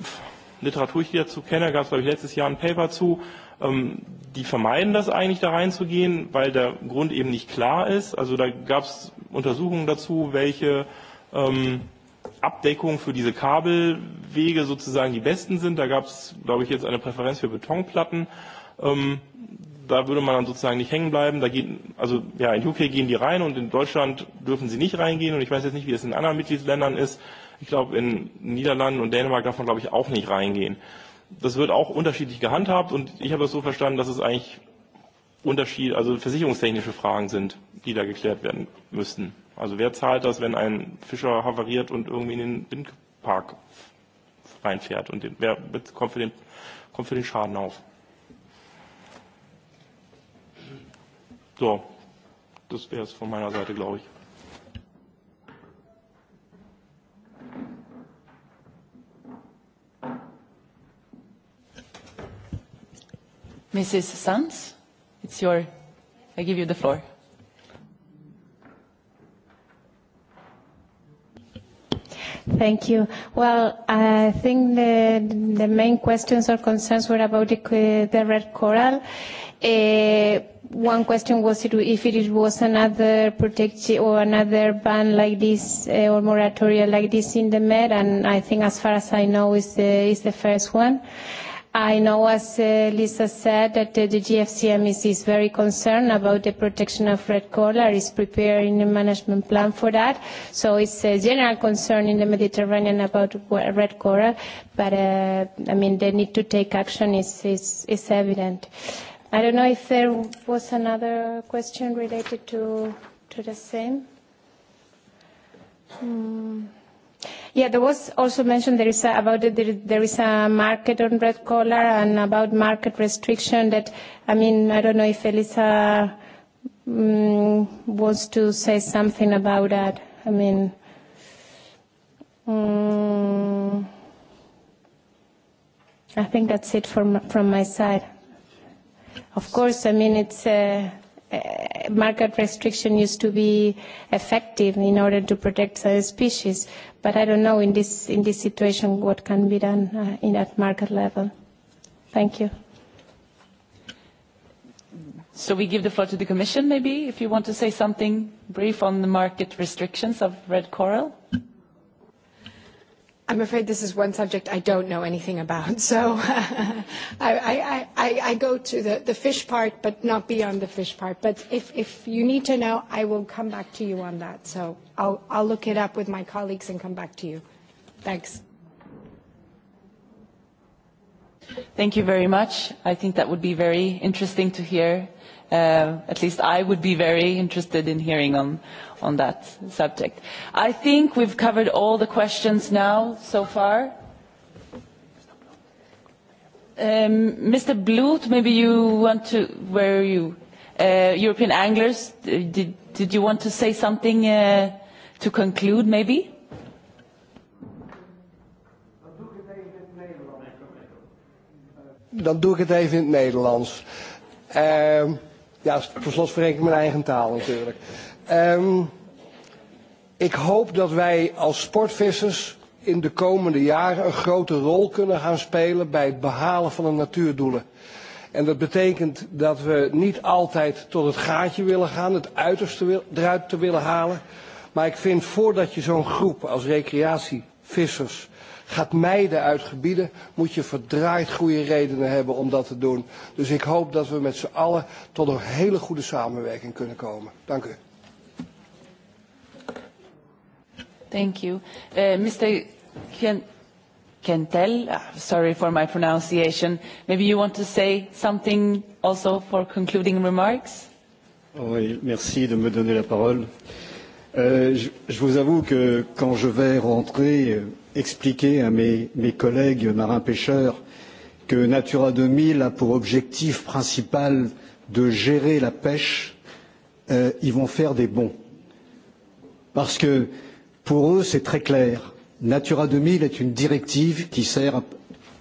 Literatur, die ich dazu kenne, gab es, glaube ich, letztes Jahr ein Paper zu. Ähm, die vermeiden das eigentlich, da reinzugehen, weil der Grund eben nicht klar ist. Also da gab es Untersuchungen dazu, welche ähm, Abdeckung für diese Kabelwege sozusagen die besten sind. Da gab es, glaube ich, jetzt eine Präferenz für Betonplatten. Ähm, da würde man dann sozusagen nicht hängen bleiben. Da gehen, also ja, in UK gehen die rein und in Deutschland dürfen sie nicht reingehen. Und ich weiß jetzt nicht, wie es in anderen Mitgliedsländern ist. Ich glaube, in Niederlanden und Dänemark darf man, glaube ich, auch nicht reingehen. Das wird auch unterschiedlich gehandhabt und ich habe es so verstanden, dass es eigentlich Unterschied, also versicherungstechnische Fragen sind, die da geklärt werden müssten. Also wer zahlt das, wenn ein Fischer havariert und irgendwie in den Windpark reinfährt? Und den, wer kommt für, den, kommt für den Schaden auf? So, das wäre es von meiner Seite, glaube ich.
Mrs. Sands, it's your. I give you the floor. Yeah.
Thank you. Well, I think the, main questions or concerns were about the, red coral. Uh, one question was if it was another protection or another ban like this uh, or moratoria like this in the Med, and I think as far as I know is the, is the first one. I know, as uh, Lisa said, that uh, the GFCMEC is very concerned about the protection of red collar, is preparing a management plan for that. So it's a general concern in the Mediterranean about red coral, but uh, I mean, they need to take action It's it's, it's evident. I don't know if there was another question related to, to the same. Hmm. Yeah, there was also mentioned there is a, about it, there, is a market on red collar and about market restriction that, I mean, I don't know if Elisa mm, wants to say something about that. I mean, mm, I think that's it from, my side. Of course, I mean, it's... Uh, Uh, market restriction used to be effective in order to protect the species. But I don't know in this, in this situation what can be done uh, in that market level. Thank you.
So we give the floor to the Commission, maybe, if you want to say something brief on the market restrictions of red coral. Mm-hmm.
I'm afraid this is one subject I don't know anything about. So I, I, I, I go to the, the fish part, but not beyond the fish part. But if, if you need to know, I will come back to you on that. So I'll, I'll look it up with my colleagues and come back to you. Thanks.
Thank you very much. I think that would be very interesting to hear. Uh, at least I would be very interested in hearing on, on that subject. I think we've covered all the questions now so far. Um, Mr. Bluth, maybe you want to, where are you? Uh, European Anglers, did, did you want to say something uh, to conclude maybe?
Dan doe ik het even in het Nederlands. Uh, ja, voor slot spreek ik mijn eigen taal natuurlijk. Um, ik hoop dat wij als sportvissers in de komende jaren een grote rol kunnen gaan spelen bij het behalen van de natuurdoelen. En dat betekent dat we niet altijd tot het gaatje willen gaan, het uiterste eruit te willen halen. Maar ik vind voordat je zo'n groep als recreatievissers gaat mijden uit gebieden, moet je verdraaid goede redenen hebben om dat te doen. Dus ik hoop dat we met z'n allen tot een hele goede samenwerking kunnen komen. Dank u.
Thank you. Uh, Mr. Kentel, uh, sorry for my pronunciation. Maybe you want to say something also for concluding remarks?
Oui, merci de me donner la parole. Euh, je, vous avoue que quand je vais rentrer euh, expliquer à mes, collègues marins-pêcheurs que Natura 2000 a pour objectif principal de gérer la pêche, euh, ils vont faire des bonds. Parce que Pour eux, c'est très clair. Natura 2000 est une directive qui, sert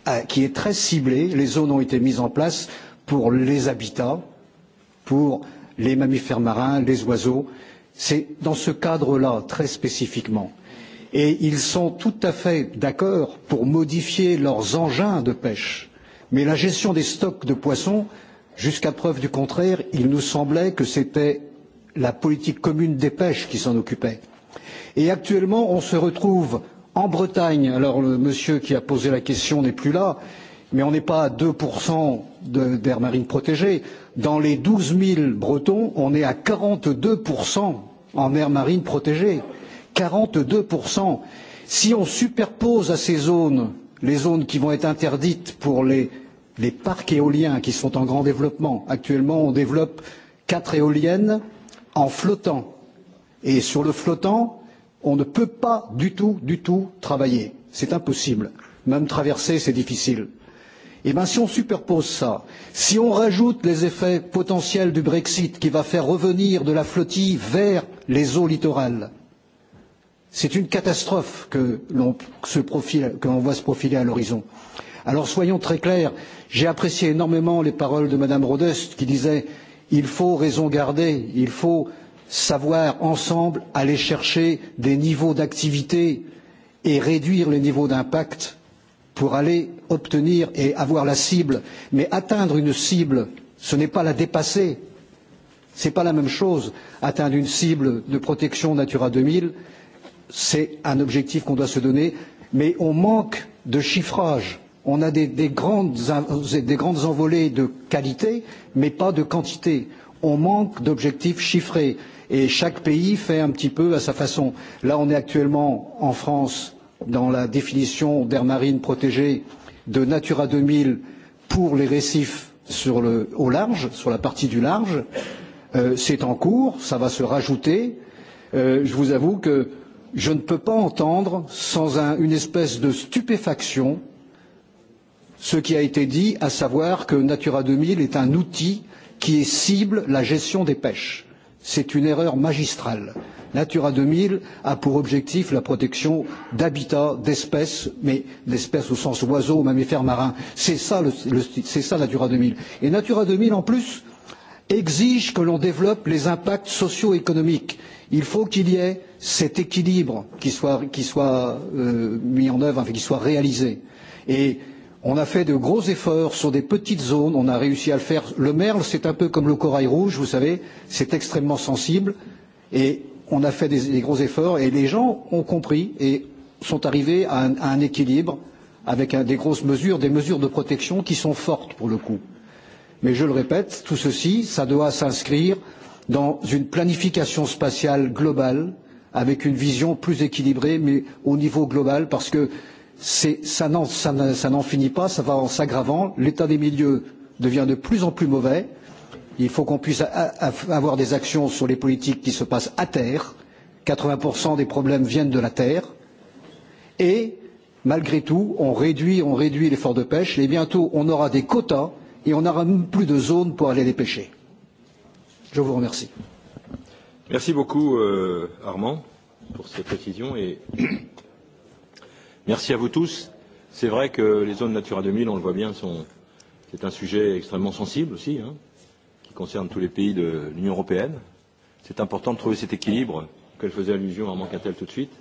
à, qui est très ciblée. Les zones ont été mises en place pour les habitats, pour les mammifères marins, les oiseaux. C'est dans ce cadre-là, très spécifiquement. Et ils sont tout à fait d'accord pour modifier leurs engins de pêche. Mais la gestion des stocks de poissons, jusqu'à preuve du contraire, il nous semblait que c'était la politique commune des pêches qui s'en occupait. Et actuellement, on se retrouve en Bretagne, alors le monsieur qui a posé la question n'est plus là, mais on n'est pas à 2% d'aires marines protégées. Dans les 12 000 Bretons, on est à 42% en aires marines protégées. 42%. Si on superpose à ces zones les zones qui vont être interdites pour les, les parcs éoliens qui sont en grand développement, actuellement on développe quatre éoliennes en flottant Et sur le flottant, on ne peut pas du tout, du tout travailler. C'est impossible. Même traverser, c'est difficile. Eh bien, si on superpose ça, si on rajoute les effets potentiels du Brexit qui va faire revenir de la flottille vers les eaux littorales, c'est une catastrophe que l'on voit se profiler à l'horizon. Alors soyons très clairs, j'ai apprécié énormément les paroles de Madame Rodust qui disait il faut raison garder, il faut savoir ensemble aller chercher des niveaux d'activité et réduire les niveaux d'impact pour aller obtenir et avoir la cible. Mais atteindre une cible, ce n'est pas la dépasser. Ce n'est pas la même chose. Atteindre une cible de protection Natura 2000, c'est un objectif qu'on doit se donner, mais on manque de chiffrage. On a des, des, grandes, des grandes envolées de qualité, mais pas de quantité. On manque d'objectifs chiffrés. Et chaque pays fait un petit peu à sa façon. Là, on est actuellement en France dans la définition d'aires marines protégées de Natura 2000 pour les récifs sur le, au large, sur la partie du large. Euh, C'est en cours, ça va se rajouter. Euh, je vous avoue que je ne peux pas entendre sans un, une espèce de stupéfaction ce qui a été dit, à savoir que Natura 2000 est un outil qui cible la gestion des pêches. C'est une erreur magistrale. Natura 2000 a pour objectif la protection d'habitats, d'espèces, mais d'espèces au sens oiseaux, mammifères marins. C'est ça, le, le, ça Natura 2000. Et Natura 2000, en plus, exige que l'on développe les impacts socio-économiques. Il faut qu'il y ait cet équilibre qui soit, qui soit euh, mis en œuvre, enfin, qui soit réalisé. Et On a fait de gros efforts sur des petites zones, on a réussi à le faire. Le merle, c'est un peu comme le corail rouge, vous savez, c'est extrêmement sensible et on a fait des, des gros efforts et les gens ont compris et sont arrivés à un, à un équilibre avec un, des grosses mesures, des mesures de protection qui sont fortes pour le coup. Mais je le répète, tout ceci, ça doit s'inscrire dans une planification spatiale globale avec une vision plus équilibrée, mais au niveau global, parce que ça n'en finit pas, ça va en s'aggravant. L'état des milieux devient de plus en plus mauvais. Il faut qu'on puisse avoir des actions sur les politiques qui se passent à terre. 80% des problèmes viennent de la terre. Et malgré tout, on réduit, on réduit l'effort de pêche et bientôt on aura des quotas et on n'aura même plus de zones pour aller les pêcher. Je vous remercie.
Merci beaucoup euh, Armand pour ces précisions et Merci à vous tous. C'est vrai que les zones Natura 2000, on le voit bien, sont, c'est un sujet extrêmement sensible aussi, hein, qui concerne tous les pays de l'Union européenne. C'est important de trouver cet équilibre auquel faisait allusion Armand Quintel tout de suite,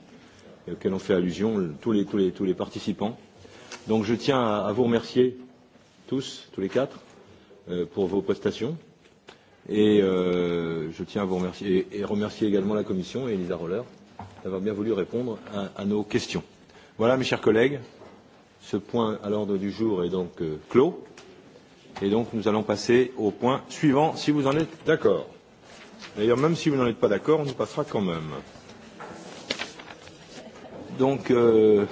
et auquel ont fait allusion tous les, tous, les, tous les participants. Donc je tiens à, à vous remercier tous, tous les quatre, euh, pour vos prestations. Et euh, je tiens à vous remercier et, et remercier également la Commission et Elisa Roller d'avoir bien voulu répondre à, à nos questions. Voilà, mes chers collègues, ce point à l'ordre du jour est donc euh, clos. Et donc, nous allons passer au point suivant, si vous en êtes d'accord. D'ailleurs, même si vous n'en êtes pas d'accord, on y passera quand même. Donc, euh,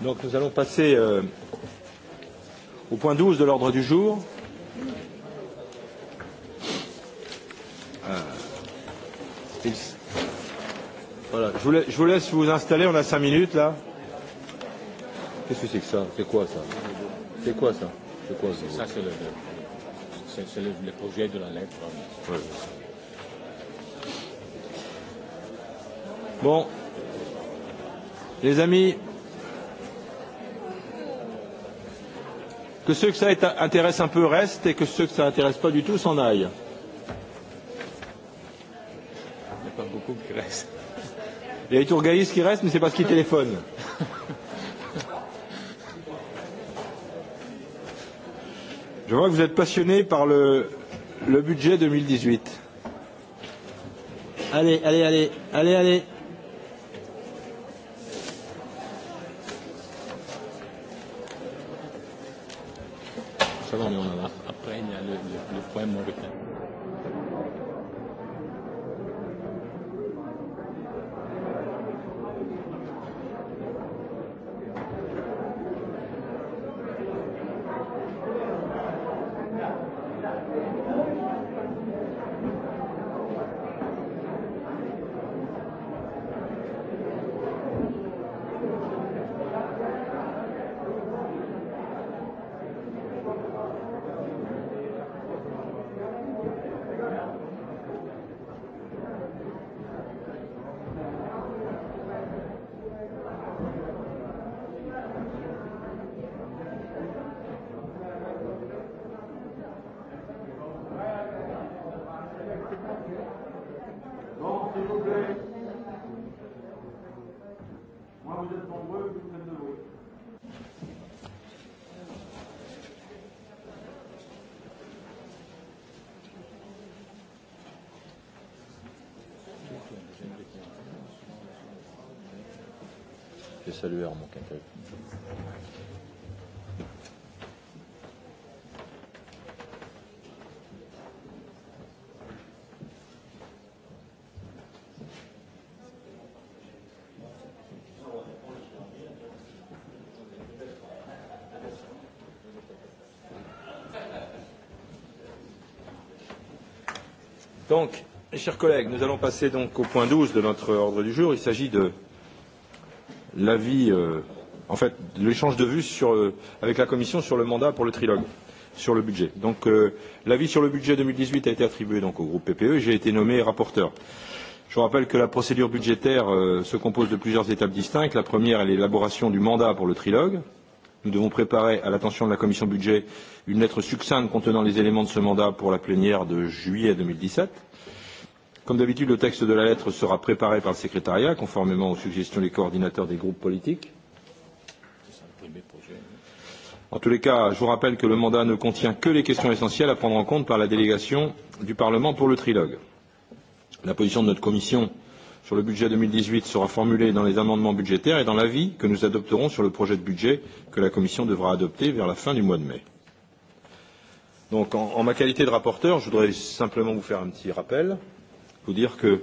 donc nous allons passer euh, au point 12 de l'ordre du jour. Euh, Voilà, je vous, laisse, je vous laisse vous installer, on a 5 minutes là. Qu'est-ce que c'est que ça C'est quoi ça C'est quoi ça C'est quoi ça c'est le,
le, le, le projet de la lettre. Ouais.
Bon, les amis, que ceux que ça intéresse un peu restent et que ceux que ça intéresse pas du tout s'en aillent. Il n'y a pas beaucoup qui restent. Il y a tourgaïs qui restent, mais c'est parce qu'ils téléphonent. Je vois que vous êtes passionné par le, le budget 2018. Allez, allez, allez, allez, allez. saluer en mon quintet. Donc, mes chers collègues, nous allons passer donc au point 12 de notre ordre du jour. Il s'agit de l'avis, euh, en fait, l'échange de vues sur, euh, avec la Commission sur le mandat pour le trilogue, sur le budget. Donc euh, l'avis sur le budget 2018 a été attribué donc, au groupe PPE et j'ai été nommé rapporteur. Je vous rappelle que la procédure budgétaire euh, se compose de plusieurs étapes distinctes. La première est l'élaboration du mandat pour le trilogue. Nous devons préparer à l'attention de la commission budget une lettre succincte contenant les éléments de ce mandat pour la plénière de juillet 2017. Comme d'habitude, le texte de la lettre sera préparé par le secrétariat, conformément aux suggestions des coordinateurs des groupes politiques. En tous les cas, je vous rappelle que le mandat ne contient que les questions essentielles à prendre en compte par la délégation du Parlement pour le trilogue. La position de notre commission sur le budget 2018 sera formulée dans les amendements budgétaires et dans l'avis que nous adopterons sur le projet de budget que la commission devra adopter vers la fin du mois de mai. Donc, en, en ma qualité de rapporteur, je voudrais simplement vous faire un petit rappel. Euh, vous dire que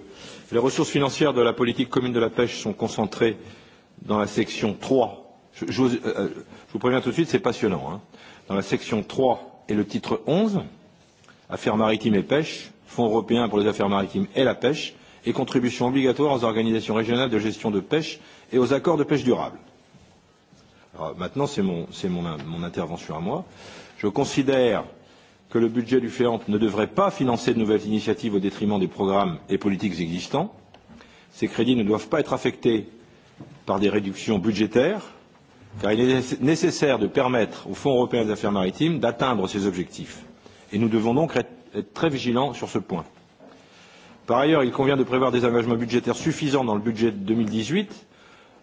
les ressources financières de la politique commune de la pêche sont concentrées dans la section 3. Je, je, vous, euh, je vous préviens tout de suite, c'est passionnant. Hein. Dans la section 3 et le titre 11, Affaires maritimes et pêche, Fonds européen pour les affaires maritimes et la pêche, et contributions obligatoires aux organisations régionales de gestion de pêche et aux accords de pêche durable. Alors, maintenant, c'est mon, mon, mon intervention à moi. Je considère euh, que le budget du FEAMP ne devrait pas financer de nouvelles initiatives au détriment des programmes et politiques existants. Ces crédits ne doivent pas être affectés par des réductions budgétaires, car il est nécessaire de permettre au Fonds européen des affaires maritimes d'atteindre ses objectifs. Et nous devons donc être très vigilants sur ce point. Par ailleurs, il convient de prévoir des engagements budgétaires suffisants dans le budget de 2018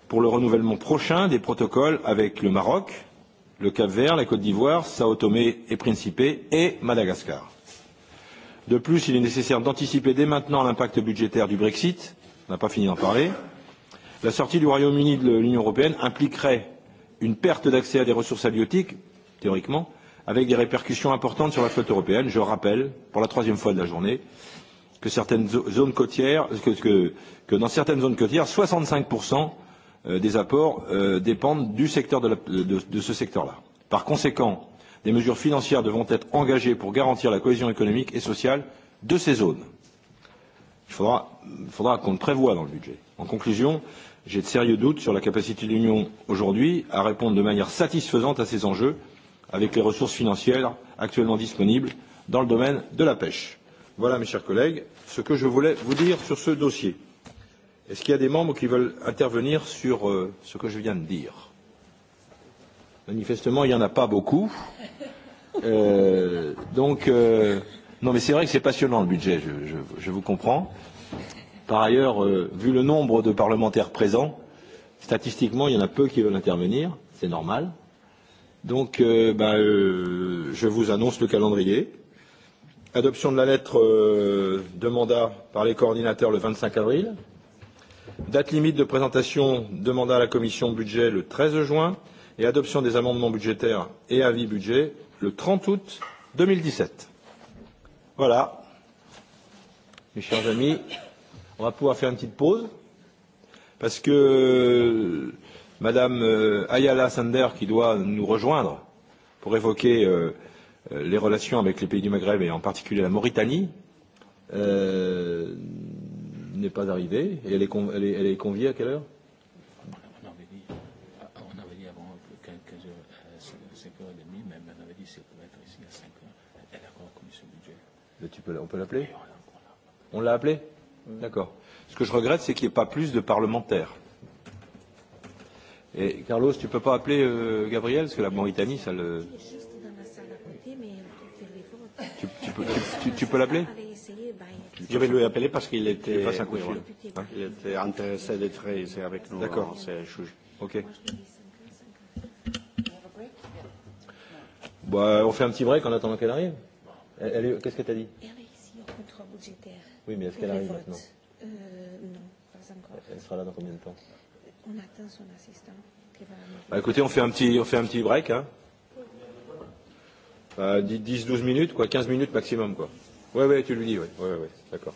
pour le renouvellement prochain des protocoles avec le Maroc, le Cap-Vert, la Côte d'Ivoire, Sao Tomé et Principe et Madagascar. De plus, il est nécessaire d'anticiper dès maintenant l'impact budgétaire du Brexit, on n'a pas fini d'en parler. La sortie du Royaume-Uni de l'Union européenne impliquerait une perte d'accès à des ressources halieutiques, théoriquement, avec des répercussions importantes sur la flotte européenne. Je rappelle, pour la troisième fois de la journée, que, certaines zones côtières, que, que, que dans certaines zones côtières, 65 Euh, des apports euh, dépendent du secteur de, la, de, de ce secteur-là. Par conséquent, des mesures financières devront être engagées pour garantir la cohésion économique et sociale de ces zones. Il faudra, il faudra qu'on le prévoie dans le budget. En conclusion, j'ai de sérieux doutes sur la capacité de l'Union aujourd'hui à répondre de manière satisfaisante à ces enjeux avec les ressources financières actuellement disponibles dans le domaine de la pêche. Voilà, mes chers collègues, ce que je voulais vous dire sur ce dossier. Est-ce qu'il y a des membres qui veulent intervenir sur euh, ce que je viens de dire Manifestement, il n'y en a pas beaucoup. Euh, donc, euh, non, mais c'est vrai que c'est passionnant le budget, je, je, je vous comprends. Par ailleurs, euh, vu le nombre de parlementaires présents, statistiquement, il y en a peu qui veulent intervenir, c'est normal. Donc, euh, bah, euh, je vous annonce le calendrier. Adoption de la lettre euh, de mandat par les coordinateurs le 25 avril. Date limite de présentation de mandat à la commission budget le 13 juin et adoption des amendements budgétaires et avis budget le 30 août 2017. Voilà, mes chers amis, on va pouvoir faire une petite pause parce que euh, Madame euh, Ayala Sander, qui doit nous rejoindre pour évoquer euh, les relations avec les pays du Maghreb et en particulier la Mauritanie, euh, n'est pas arrivée. Et elle est, con, elle, est, elle est conviée à quelle heure on
avait, dit, euh, on avait dit avant 15 h 5 h 30 mais on avait dit si elle pouvait être ici à 5 h
Elle est encore en commission budget. Mais tu peux, on peut l'appeler On l'a appelée D'accord. Ce que je regrette, c'est qu'il n'y ait pas plus de parlementaires. Et Carlos, tu ne peux pas appeler euh, Gabriel parce que la Mauritanie, ça le. Tu, tu peux, tu, tu, tu peux l'appeler Je vais lui appeler parce qu'il était, passe un coup Ouais. il était intéressé d'être ici avec nous. D'accord. Ok. Bah, on fait un petit break en attendant qu'elle arrive. Elle, elle, Qu'est-ce ici tu
as budgétaire. Oui, mais est-ce qu'elle arrive votes. maintenant euh, Non, pas
encore. Elle sera là dans combien de temps
On attend son assistant.
Bah, écoutez, on fait un petit, on fait un petit break. Hein. Euh, 10-12 minutes, quoi, 15 minutes maximum. Oui, Ouais, ouais, tu lui dis, ouais. ouais, ouais. D'accord.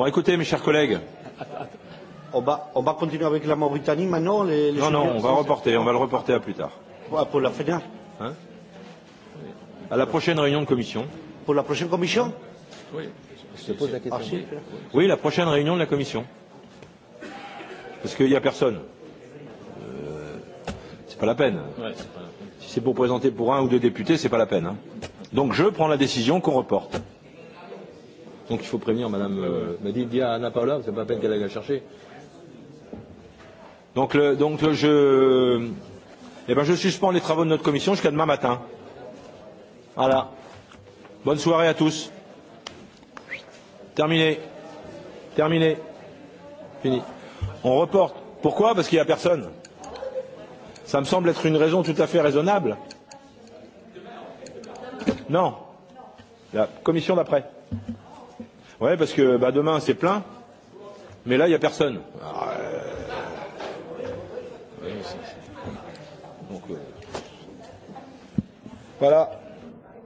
Bon, écoutez, mes chers collègues. On va, on va continuer avec la Mauritanie maintenant les, les Non, non, on va reporter, on va le reporter à plus tard. Ouais, Pour la finale hein À la prochaine réunion de commission. Pour la prochaine commission Oui. Je pose la question. Ah, Oui, la prochaine réunion de la commission. Parce qu'il n'y a personne. Euh, c'est pas la peine. Ouais, pas la peine. Si c'est pour présenter pour un ou deux députés, c'est pas la peine. Hein. Donc je prends la décision qu'on reporte. Donc il faut prévenir Madame euh, Madi, dit, à Anna Paola, c'est pas la peine qu'elle aille la chercher. Donc le donc le je eh ben je suspends les travaux de notre commission jusqu'à demain matin. Voilà. Bonne soirée à tous. Terminé. Terminé. Fini. On reporte. Pourquoi Parce qu'il n'y a personne. Ça me semble être une raison tout à fait raisonnable. Non. La commission d'après. Ouais, parce que bah, demain c'est plein, mais là il n'y a personne. Alors, euh... Donc, euh... Voilà.